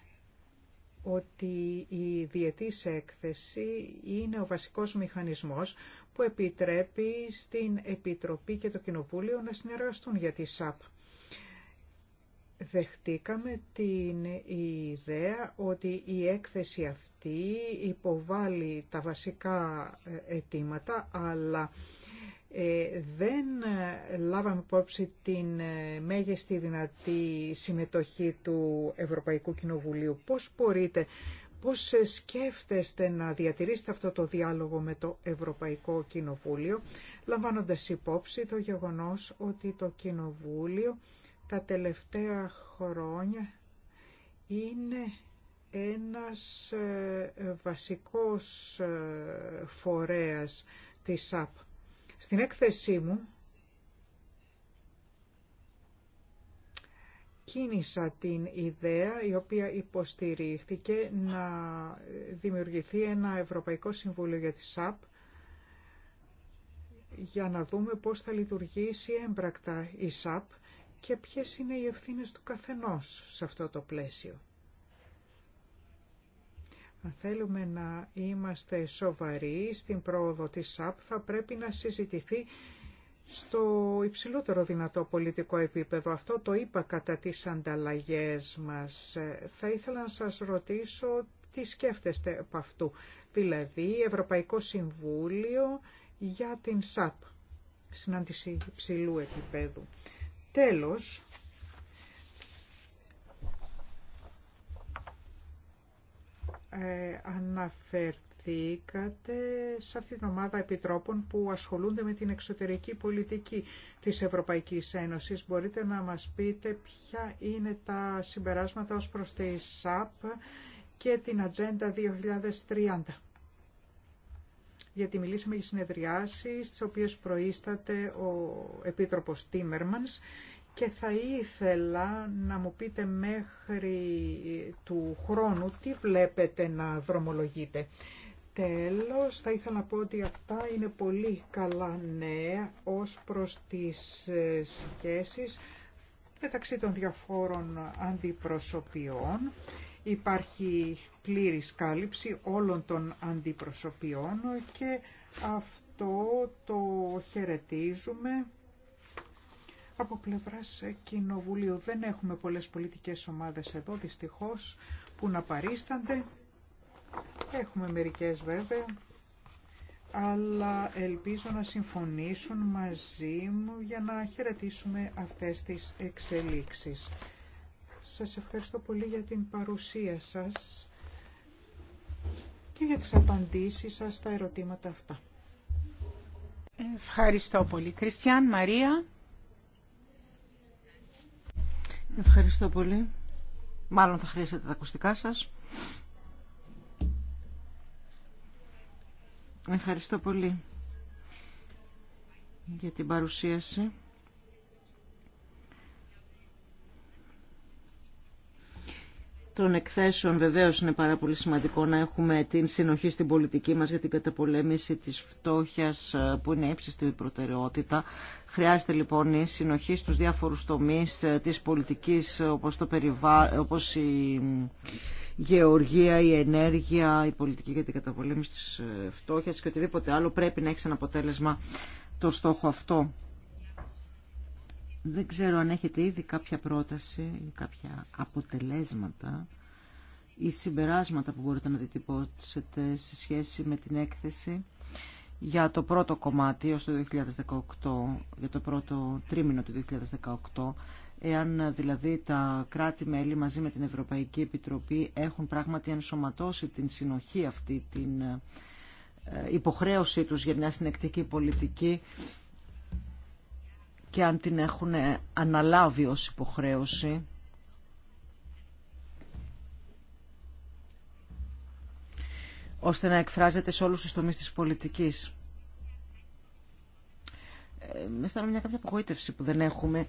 ότι η διετής έκθεση είναι ο βασικός μηχανισμός που επιτρέπει στην Επιτροπή και το Κοινοβούλιο να συνεργαστούν για τη ΣΑΠ. Δεχτήκαμε την ιδέα ότι η έκθεση αυτή υποβάλλει τα βασικά ε, αιτήματα, αλλά ε, δεν ε, λάβαμε υπόψη την ε, μέγιστη δυνατή συμμετοχή του Ευρωπαϊκού Κοινοβουλίου. Πώς μπορείτε, πώς σκέφτεστε να διατηρήσετε αυτό το διάλογο με το Ευρωπαϊκό Κοινοβούλιο, λαμβάνοντας υπόψη το γεγονός ότι το Κοινοβούλιο τα τελευταία χρόνια είναι ένας βασικός φορέας της ΑΠ στην έκθεσή μου κίνησα την ιδέα η οποία υποστηρίχθηκε να δημιουργηθεί ένα Ευρωπαϊκό Συμβούλιο για τη ΣΑΠ για να δούμε πώς θα λειτουργήσει έμπρακτα η ΣΑΠ και ποιες είναι οι ευθύνες του καθενός σε αυτό το πλαίσιο. Αν θέλουμε να είμαστε σοβαροί στην πρόοδο της ΣΑΠ θα πρέπει να συζητηθεί στο υψηλότερο δυνατό πολιτικό επίπεδο. Αυτό το είπα κατά τις ανταλλαγές μας. Θα ήθελα να σας ρωτήσω τι σκέφτεστε από αυτού. Δηλαδή, Ευρωπαϊκό Συμβούλιο για την ΣΑΠ, συνάντηση υψηλού επίπεδου. Τέλος, ε, αναφερθήκατε σε αυτήν την ομάδα επιτρόπων που ασχολούνται με την εξωτερική πολιτική της Ευρωπαϊκής Ένωσης. Μπορείτε να μας πείτε ποια είναι τα συμπεράσματα ως προς τη ΣΑΠ και την Ατζέντα 2030. Γιατί μιλήσαμε για συνεδριάσεις, τις οποίες προείσταται ο Επίτροπος Τίμερμανς και θα ήθελα να μου πείτε μέχρι του χρόνου τι βλέπετε να δρομολογείτε. Τέλος, θα ήθελα να πω ότι αυτά είναι πολύ καλά νέα ως προς τις ε, σχέσεις μεταξύ των διαφόρων αντιπροσωπιών. Υπάρχει πλήρης κάλυψη όλων των αντιπροσωπιών και αυτό το χαιρετίζουμε από πλευράς Κοινοβουλίου δεν έχουμε πολλές πολιτικές ομάδες εδώ, δυστυχώς, που να παρίστανται. Έχουμε μερικές βέβαια, αλλά ελπίζω να συμφωνήσουν μαζί μου για να χαιρετήσουμε αυτές τις εξελίξεις. Σας ευχαριστώ πολύ για την παρουσία σας και για τις απαντήσεις σας στα ερωτήματα αυτά. Ευχαριστώ πολύ. Κριστιαν Μαρία. Ευχαριστώ πολύ. Μάλλον θα χρειάζεται τα ακουστικά σας. Ευχαριστώ πολύ για την παρουσίαση. των εκθέσεων βεβαίως είναι πάρα πολύ σημαντικό να έχουμε την συνοχή στην πολιτική μας για την καταπολέμηση της φτώχειας ε, που είναι στην προτεραιότητα. Χρειάζεται λοιπόν η συνοχή στους διάφορους τομείς ε, της πολιτικής ε, όπως, το όπως η γεωργία, η ενέργεια, η πολιτική για την καταπολέμηση της φτώχειας και οτιδήποτε άλλο πρέπει να έχει σαν αποτέλεσμα το στόχο αυτό. Δεν ξέρω αν έχετε ήδη κάποια πρόταση ή κάποια αποτελέσματα ή συμπεράσματα που μπορείτε να διτυπώσετε σε σχέση με την έκθεση για το πρώτο κομμάτι ως το 2018, για το πρώτο τρίμηνο του 2018, εάν δηλαδή τα κράτη-μέλη μαζί με την Ευρωπαϊκή Επιτροπή έχουν πράγματι ενσωματώσει την συνοχή αυτή, την ε, υποχρέωσή τους για μια συνεκτική πολιτική και αν την έχουν αναλάβει ως υποχρέωση. ώστε να εκφράζεται σε όλους τους τομείς της πολιτικής. Ε, με αισθάνομαι μια κάποια απογοήτευση που δεν έχουμε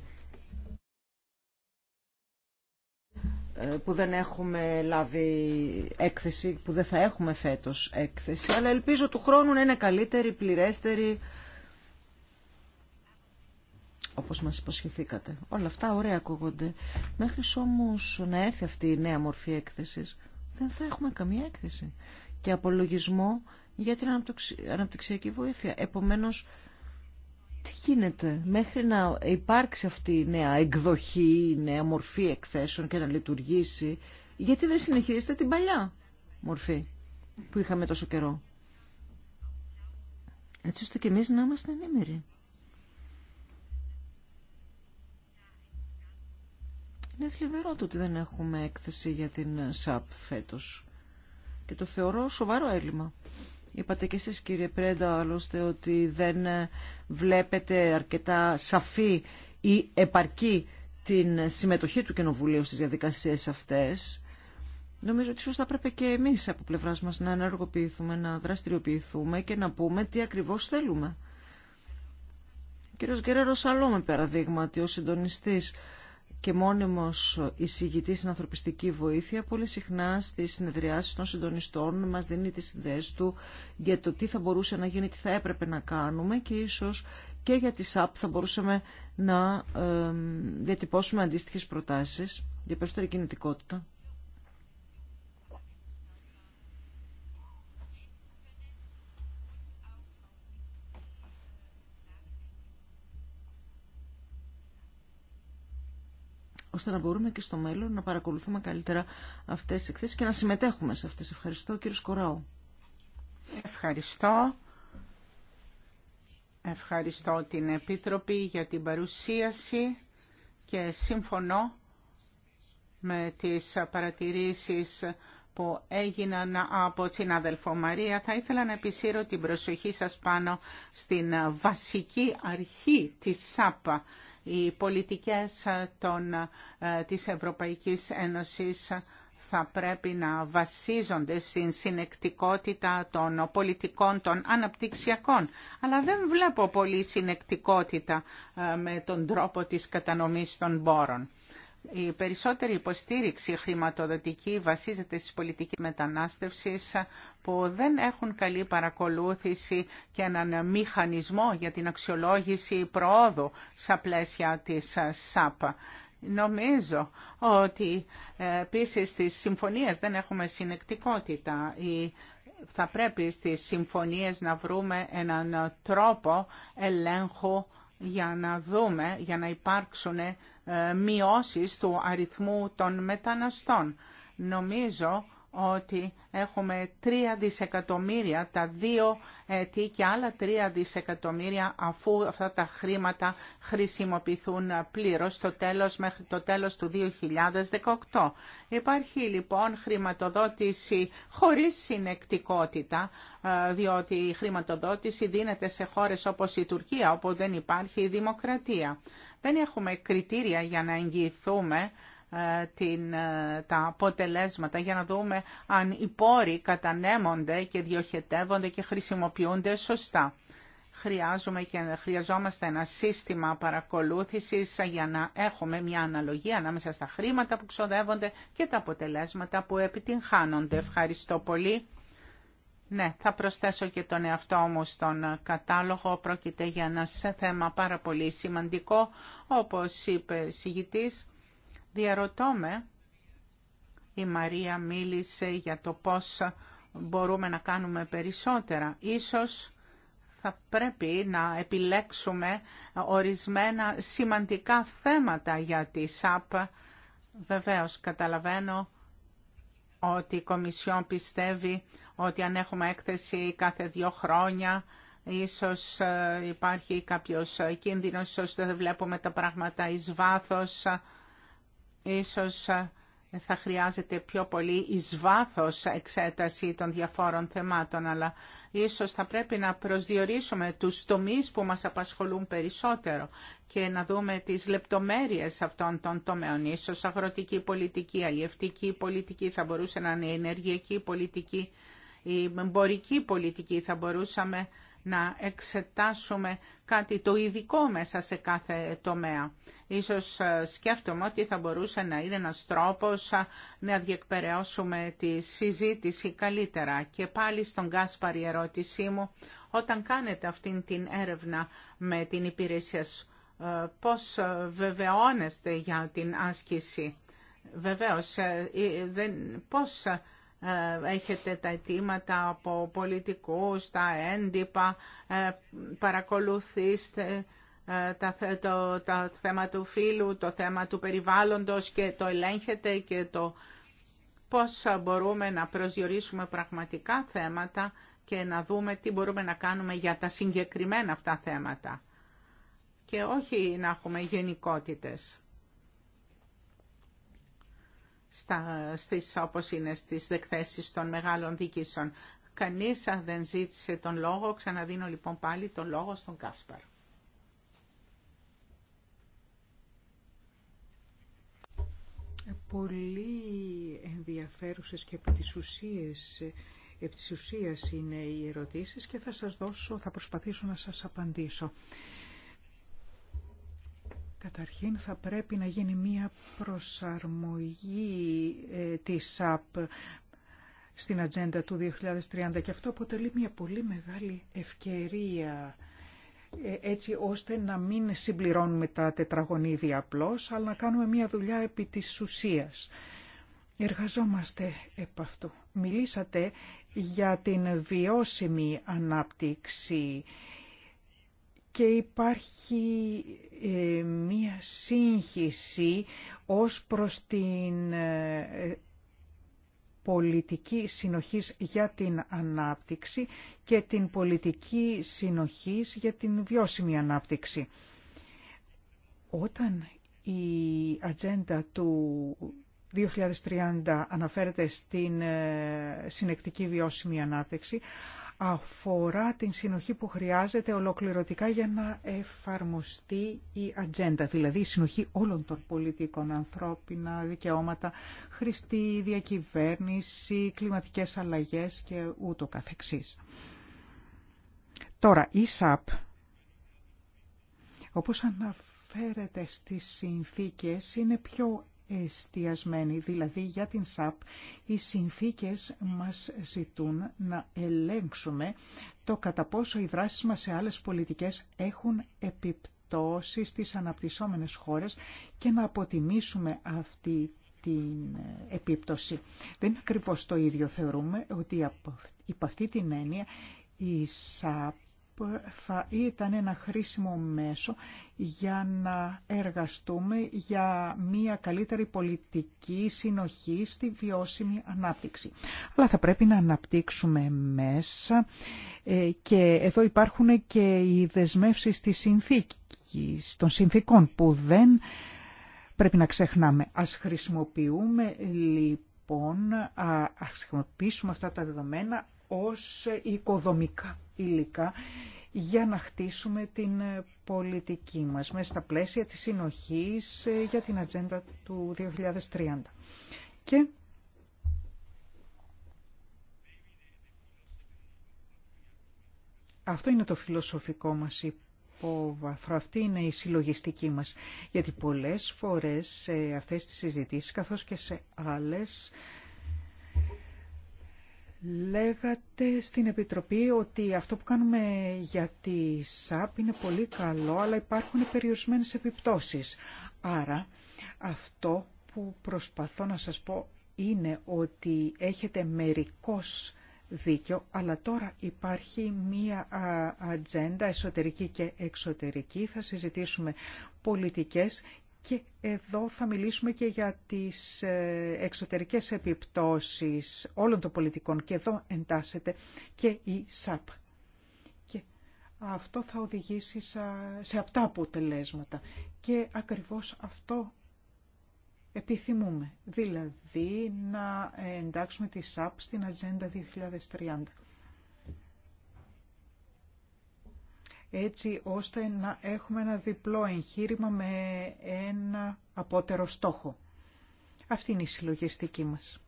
ε, που δεν έχουμε λάβει έκθεση, που δεν θα έχουμε φέτος έκθεση, αλλά ελπίζω του χρόνου να είναι καλύτερη, πληρέστερη, όπως μας υποσχεθήκατε. Όλα αυτά ωραία ακούγονται. Μέχρι όμως να έρθει αυτή η νέα μορφή έκθεση. δεν θα έχουμε καμία έκθεση. Και απολογισμό για την αναπτυξιακή βοήθεια. Επομένως, τι γίνεται μέχρι να υπάρξει αυτή η νέα εκδοχή, η νέα μορφή εκθέσεων και να λειτουργήσει, γιατί δεν συνεχίζετε την παλιά μορφή που είχαμε τόσο καιρό. Έτσι ώστε και εμείς να είμαστε ενήμεροι. Είναι θλιβερό το ότι δεν έχουμε έκθεση για την ΣΑΠ φέτος. Και το θεωρώ σοβαρό έλλειμμα. Είπατε και εσείς κύριε Πρέντα άλλωστε ότι δεν βλέπετε αρκετά σαφή ή επαρκή την συμμετοχή του Κοινοβουλίου στις διαδικασίες αυτές. Νομίζω ότι ίσως θα πρέπει και εμείς από πλευράς μας να ενεργοποιηθούμε, να δραστηριοποιηθούμε και να πούμε τι ακριβώς θέλουμε. Ο κύριος Γκερέρος παραδείγμα παραδείγματι, ο συντονιστής και μόνιμος εισηγητή στην ανθρωπιστική βοήθεια πολύ συχνά στις συνεδριάσεις των συντονιστών μας δίνει τις ιδέες του για το τι θα μπορούσε να γίνει, τι θα έπρεπε να κάνουμε και ίσως και για τη ΣΑΠ θα μπορούσαμε να διατυπώσουμε αντίστοιχες προτάσεις για περισσότερη κινητικότητα. ώστε να μπορούμε και στο μέλλον να παρακολουθούμε καλύτερα αυτές τις εκθέσεις και να συμμετέχουμε σε αυτές. Ευχαριστώ κύριο Σκοράου. Ευχαριστώ. Ευχαριστώ την Επίτροπη για την παρουσίαση και συμφωνώ με τις παρατηρήσεις που έγιναν από την αδελφό Μαρία. Θα ήθελα να επισύρω την προσοχή σας πάνω στην βασική αρχή της ΣΑΠΑ οι πολιτικές των, ε, της Ευρωπαϊκής Ένωσης θα πρέπει να βασίζονται στην συνεκτικότητα των πολιτικών των αναπτυξιακών. Αλλά δεν βλέπω πολύ συνεκτικότητα ε, με τον τρόπο της κατανομής των πόρων. Η περισσότερη υποστήριξη χρηματοδοτική βασίζεται στις πολιτικές μετανάστευσης που δεν έχουν καλή παρακολούθηση και έναν μηχανισμό για την αξιολόγηση προόδου στα πλαίσια της ΣΑΠ. Νομίζω ότι ε, επίση στις συμφωνίες δεν έχουμε συνεκτικότητα. Θα πρέπει στις συμφωνίες να βρούμε έναν τρόπο ελέγχου για να δούμε, για να υπάρξουν ε, μειώσεις του αριθμού των μεταναστών. Νομίζω ότι έχουμε 3 δισεκατομμύρια τα δύο έτη και άλλα 3 δισεκατομμύρια αφού αυτά τα χρήματα χρησιμοποιηθούν πλήρως στο τέλος, μέχρι το τέλος του 2018. Υπάρχει λοιπόν χρηματοδότηση χωρίς συνεκτικότητα, ε, διότι η χρηματοδότηση δίνεται σε χώρες όπως η Τουρκία, όπου δεν υπάρχει δημοκρατία. Δεν έχουμε κριτήρια για να εγγυηθούμε ε, την, ε, τα αποτελέσματα για να δούμε αν οι πόροι κατανέμονται και διοχετεύονται και χρησιμοποιούνται σωστά. Χρειάζομαι και χρειαζόμαστε ένα σύστημα παρακολούθησης για να έχουμε μια αναλογία ανάμεσα στα χρήματα που ξοδεύονται και τα αποτελέσματα που επιτυγχάνονται. Ευχαριστώ πολύ. Ναι, θα προσθέσω και τον εαυτό μου στον κατάλογο. Πρόκειται για ένα θέμα πάρα πολύ σημαντικό, όπως είπε συγητής Διαρωτώ με, η Μαρία μίλησε για το πώς μπορούμε να κάνουμε περισσότερα. Ίσως θα πρέπει να επιλέξουμε ορισμένα σημαντικά θέματα για τη ΣΑΠ. Βεβαίως, καταλαβαίνω ότι η Κομισιόν πιστεύει ότι αν έχουμε έκθεση κάθε δύο χρόνια, ίσως ε, υπάρχει κάποιος κίνδυνος, ίσως δεν βλέπουμε τα πράγματα εις βάθος. Ίσως ε, θα χρειάζεται πιο πολύ εις βάθος εξέταση των διαφόρων θεμάτων, αλλά ίσως θα πρέπει να προσδιορίσουμε τους τομείς που μας απασχολούν περισσότερο και να δούμε τις λεπτομέρειες αυτών των τομέων. Ίσως αγροτική πολιτική, αλλιευτική πολιτική, θα μπορούσε να είναι η ενεργειακή πολιτική, η εμπορική πολιτική, θα μπορούσαμε να εξετάσουμε κάτι το ειδικό μέσα σε κάθε τομέα. Ίσως ε, σκέφτομαι ότι θα μπορούσε να είναι ένας τρόπος ε, να διεκπαιρεώσουμε τη συζήτηση καλύτερα. Και πάλι στον Κάσπαρη ερώτησή μου, όταν κάνετε αυτήν την έρευνα με την υπηρεσία σου, ε, πώς βεβαιώνεστε για την άσκηση. Βεβαίως, πώς ε, έχετε τα αιτήματα από πολιτικούς, τα έντυπα, ε, παρακολουθήστε ε, τα, το, τα θέμα του φύλου, το θέμα του περιβάλλοντος και το ελέγχετε και το πώς μπορούμε να προσδιορίσουμε πραγματικά θέματα και να δούμε τι μπορούμε να κάνουμε για τα συγκεκριμένα αυτά θέματα και όχι να έχουμε γενικότητες στα, στις, όπως είναι στις δεκθέσεις των μεγάλων διοίκησεων. Κανείς δεν ζήτησε τον λόγο. Ξαναδίνω λοιπόν πάλι τον λόγο στον Κάσπαρ. Πολύ ενδιαφέρουσες και από της είναι οι ερωτήσεις και θα σας δώσω, θα προσπαθήσω να σας απαντήσω. Καταρχήν θα πρέπει να γίνει μία προσαρμογή ε, της ΑΠ στην ατζέντα του 2030 και αυτό αποτελεί μία πολύ μεγάλη ευκαιρία ε, έτσι ώστε να μην συμπληρώνουμε τα τετραγωνίδια απλώς, αλλά να κάνουμε μία δουλειά επί της ουσίας. Εργαζόμαστε επ' αυτού. Μιλήσατε για την βιώσιμη ανάπτυξη και υπάρχει ε, μία σύγχυση ως προς την ε, πολιτική συνοχής για την ανάπτυξη και την πολιτική συνοχής για την βιώσιμη ανάπτυξη. Όταν η ατζέντα του 2030 αναφέρεται στην ε, συνεκτική βιώσιμη ανάπτυξη, αφορά την συνοχή που χρειάζεται ολοκληρωτικά για να εφαρμοστεί η ατζέντα, δηλαδή η συνοχή όλων των πολιτικών, ανθρώπινα δικαιώματα, χρηστή διακυβέρνηση, κλιματικές αλλαγές και ούτω καθεξής. Τώρα, η ΣΑΠ, όπως αναφέρεται στις συνθήκες, είναι πιο Εστιασμένοι, δηλαδή για την ΣΑΠ, οι συνθήκες μας ζητούν να ελέγξουμε το κατά πόσο οι δράσεις μας σε άλλες πολιτικές έχουν επιπτώσει στις αναπτυσσόμενες χώρες και να αποτιμήσουμε αυτή την επίπτωση. Δεν είναι ακριβώς το ίδιο θεωρούμε ότι υπ' αυτή την έννοια η ΣΑΠ θα ήταν ένα χρήσιμο μέσο για να εργαστούμε για μια καλύτερη πολιτική συνοχή στη βιώσιμη ανάπτυξη. Αλλά θα πρέπει να αναπτύξουμε μέσα ε, και εδώ υπάρχουν και οι δεσμεύσεις της συνθήκης, των συνθήκων που δεν πρέπει να ξεχνάμε. Ας χρησιμοποιούμε λοιπόν, ας χρησιμοποιήσουμε αυτά τα δεδομένα ως οικοδομικά υλικά για να χτίσουμε την πολιτική μας μέσα στα πλαίσια της συνοχής ε, για την ατζέντα του 2030. Και αυτό είναι το φιλοσοφικό μας υπόβαθρο, αυτή είναι η συλλογιστική μας, γιατί πολλές φορές σε αυτές τις συζητήσεις καθώς και σε άλλες Λέγατε στην Επιτροπή ότι αυτό που κάνουμε για τη ΣΑΠ είναι πολύ καλό, αλλά υπάρχουν περιορισμένες επιπτώσεις. Άρα, αυτό που προσπαθώ να σας πω είναι ότι έχετε μερικός δίκιο, αλλά τώρα υπάρχει μία ατζέντα εσωτερική και εξωτερική. Θα συζητήσουμε πολιτικές και εδώ θα μιλήσουμε και για τις ε, εξωτερικές επιπτώσεις όλων των πολιτικών και εδώ εντάσσεται και η ΣΑΠ. Και αυτό θα οδηγήσει σε αυτά αποτελέσματα και ακριβώς αυτό επιθυμούμε, δηλαδή να εντάξουμε τη ΣΑΠ στην Ατζέντα 2030. έτσι ώστε να έχουμε ένα διπλό εγχείρημα με ένα απότερο στόχο. Αυτή είναι η συλλογιστική μας.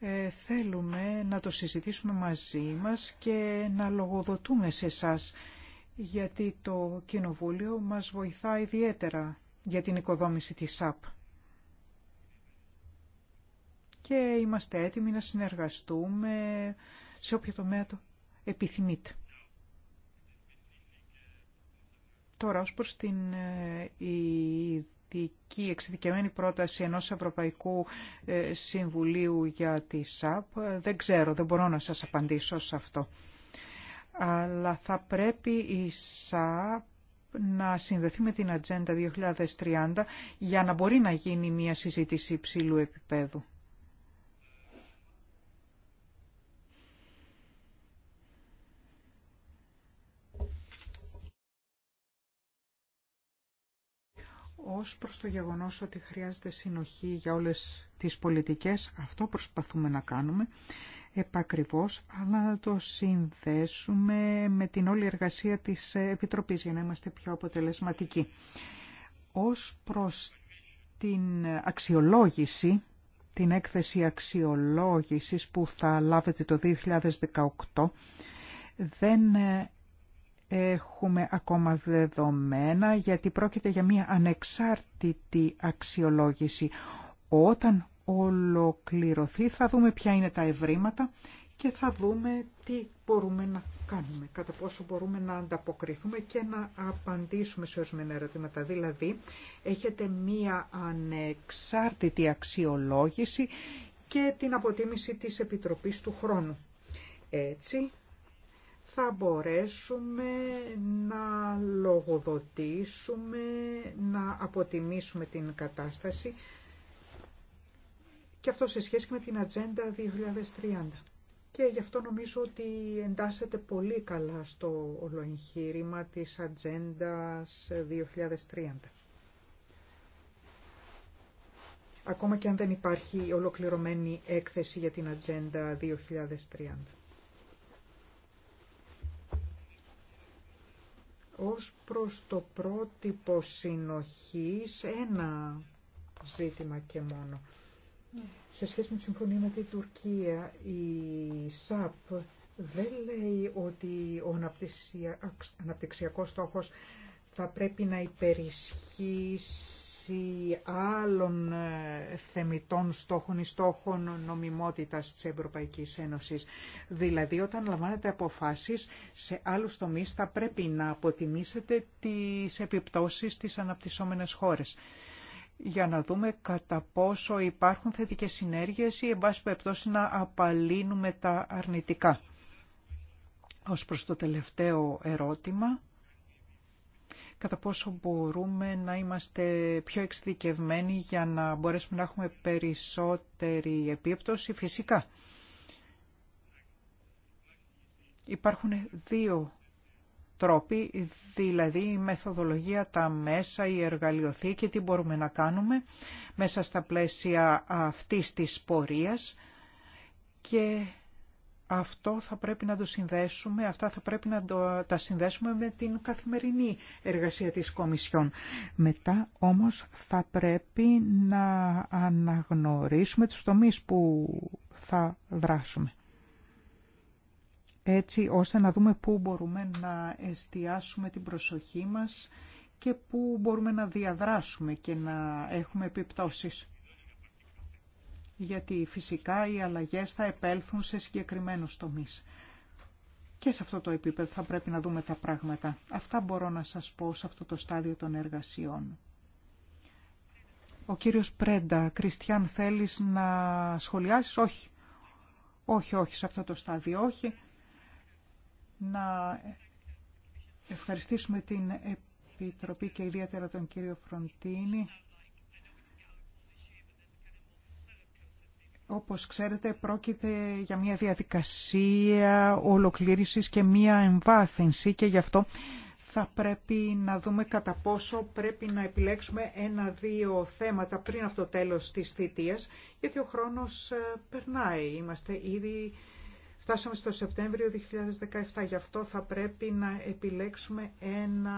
Ε, θέλουμε να το συζητήσουμε μαζί μας και να λογοδοτούμε σε εσά γιατί το Κοινοβούλιο μας βοηθά ιδιαίτερα για την οικοδόμηση της ΣΑΠ και είμαστε έτοιμοι να συνεργαστούμε σε όποιο τομέα το επιθυμείτε. Τώρα, ως προς την εξειδικεμένη εξειδικευμένη πρόταση ενός Ευρωπαϊκού ε, Συμβουλίου για τη ΣΑΠ, ε, δεν ξέρω, δεν μπορώ να σας απαντήσω σε αυτό. Αλλά θα πρέπει η ΣΑΠ να συνδεθεί με την Ατζέντα 2030 για να μπορεί να γίνει μια συζήτηση υψηλού επίπεδου. Ως προς το γεγονός ότι χρειάζεται συνοχή για όλες τις πολιτικές, αυτό προσπαθούμε να κάνουμε επακριβώς, αλλά να το συνδέσουμε με την όλη εργασία της Επιτροπής για να είμαστε πιο αποτελεσματικοί. Ως προς την αξιολόγηση, την έκθεση αξιολόγησης που θα λάβετε το 2018, δεν έχουμε ακόμα δεδομένα γιατί πρόκειται για μια ανεξάρτητη αξιολόγηση. Όταν ολοκληρωθεί θα δούμε ποια είναι τα ευρήματα και θα δούμε τι μπορούμε να κάνουμε, κατά πόσο μπορούμε να ανταποκριθούμε και να απαντήσουμε σε ορισμένα ερωτήματα. Δηλαδή, έχετε μία ανεξάρτητη αξιολόγηση και την αποτίμηση της Επιτροπής του Χρόνου. Έτσι, θα μπορέσουμε να λογοδοτήσουμε, να αποτιμήσουμε την κατάσταση και αυτό σε σχέση με την Ατζέντα 2030. Και γι' αυτό νομίζω ότι εντάσσεται πολύ καλά στο ολοεγχείρημα της Ατζέντα 2030. Ακόμα και αν δεν υπάρχει ολοκληρωμένη έκθεση για την Ατζέντα 2030. Ως προς το πρότυπο συνοχής, ένα ζήτημα και μόνο. Ναι. Σε σχέση με τη συμφωνία με την Τουρκία, η ΣΑΠ δεν λέει ότι ο αναπτυξιακός στόχος θα πρέπει να υπερισχύσει σε άλλων ε, θεμητών στόχων ή στόχων νομιμότητας της Ευρωπαϊκής Ένωσης. Δηλαδή, όταν λαμβάνετε αποφάσεις σε άλλους τομείς θα πρέπει να αποτιμήσετε τις επιπτώσεις στις αναπτυσσόμενες χώρες για να δούμε κατά πόσο υπάρχουν θετικές συνέργειες ή, εν πάση να απαλύνουμε τα αρνητικά. Ως προς το τελευταίο ερώτημα, κατά πόσο μπορούμε να είμαστε πιο εξειδικευμένοι για να μπορέσουμε να έχουμε περισσότερη επίπτωση φυσικά. Υπάρχουν δύο τρόποι, δηλαδή η μεθοδολογία, τα μέσα, η εργαλειοθήκη, τι μπορούμε να κάνουμε μέσα στα πλαίσια αυτής της πορείας και αυτό θα πρέπει να το συνδέσουμε, αυτά θα πρέπει να τα συνδέσουμε με την καθημερινή εργασία της Κομισιόν. Μετά όμως θα πρέπει να αναγνωρίσουμε τους τομείς που θα δράσουμε. Έτσι ώστε να δούμε πού μπορούμε να εστιάσουμε την προσοχή μας και πού μπορούμε να διαδράσουμε και να έχουμε επιπτώσεις γιατί φυσικά οι αλλαγές θα επέλθουν σε συγκεκριμένους τομείς. Και σε αυτό το επίπεδο θα πρέπει να δούμε τα πράγματα. Αυτά μπορώ να σας πω σε αυτό το στάδιο των εργασιών. Ο κύριος Πρέντα, Κριστιαν, θέλεις να σχολιάσεις? Όχι. Όχι, όχι, σε αυτό το στάδιο όχι. Να ευχαριστήσουμε την Επιτροπή και ιδιαίτερα τον κύριο Φροντίνη Όπως ξέρετε, πρόκειται για μια διαδικασία ολοκλήρησης και μια εμβάθυνση και γι' αυτό θα πρέπει να δούμε κατά πόσο πρέπει να επιλέξουμε ένα-δύο θέματα πριν από το τέλος της θητείας, γιατί ο χρόνος ε, περνάει. Είμαστε ήδη, φτάσαμε στο Σεπτέμβριο 2017, γι' αυτό θα πρέπει να επιλέξουμε ένα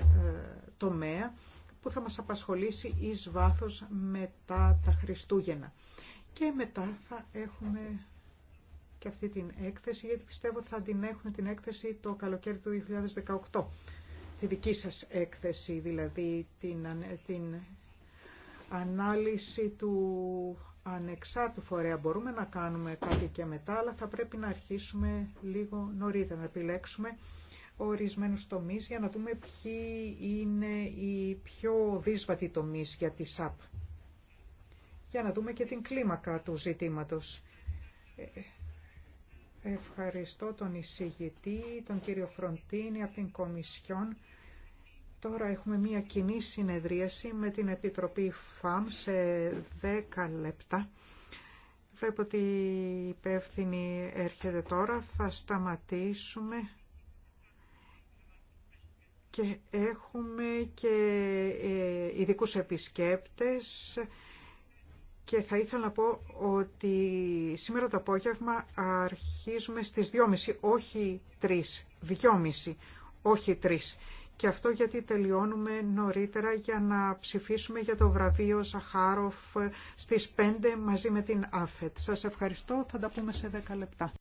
ε, τομέα που θα μας απασχολήσει εις βάθος μετά τα Χριστούγεννα. Και μετά θα έχουμε και αυτή την έκθεση, γιατί πιστεύω θα την έχουν την έκθεση το καλοκαίρι του 2018. Τη δική σας έκθεση, δηλαδή την, την ανάλυση του ανεξάρτητου φορέα. Μπορούμε να κάνουμε κάτι και μετά, αλλά θα πρέπει να αρχίσουμε λίγο νωρίτερα, να επιλέξουμε ορισμένους τομείς για να δούμε ποιοι είναι οι πιο δύσβατοι τομείς για τη ΣΑΠ για να δούμε και την κλίμακα του ζητήματος. Ε, ευχαριστώ τον εισηγητή, τον κύριο Φροντίνη από την Κομισιόν. Τώρα έχουμε μία κοινή συνεδρίαση με την Επιτροπή ΦΑΜ σε 10 λεπτά. Βλέπω ότι η υπεύθυνη έρχεται τώρα. Θα σταματήσουμε και έχουμε και ε, ειδικούς επισκέπτες και θα ήθελα να πω ότι σήμερα το απόγευμα αρχίζουμε στις 2.30, όχι 3, 2.30, όχι 3. Και αυτό γιατί τελειώνουμε νωρίτερα για να ψηφίσουμε για το βραβείο Ζαχάροφ στις 5 μαζί με την ΑΦΕΤ. Σας ευχαριστώ, θα τα πούμε σε 10 λεπτά.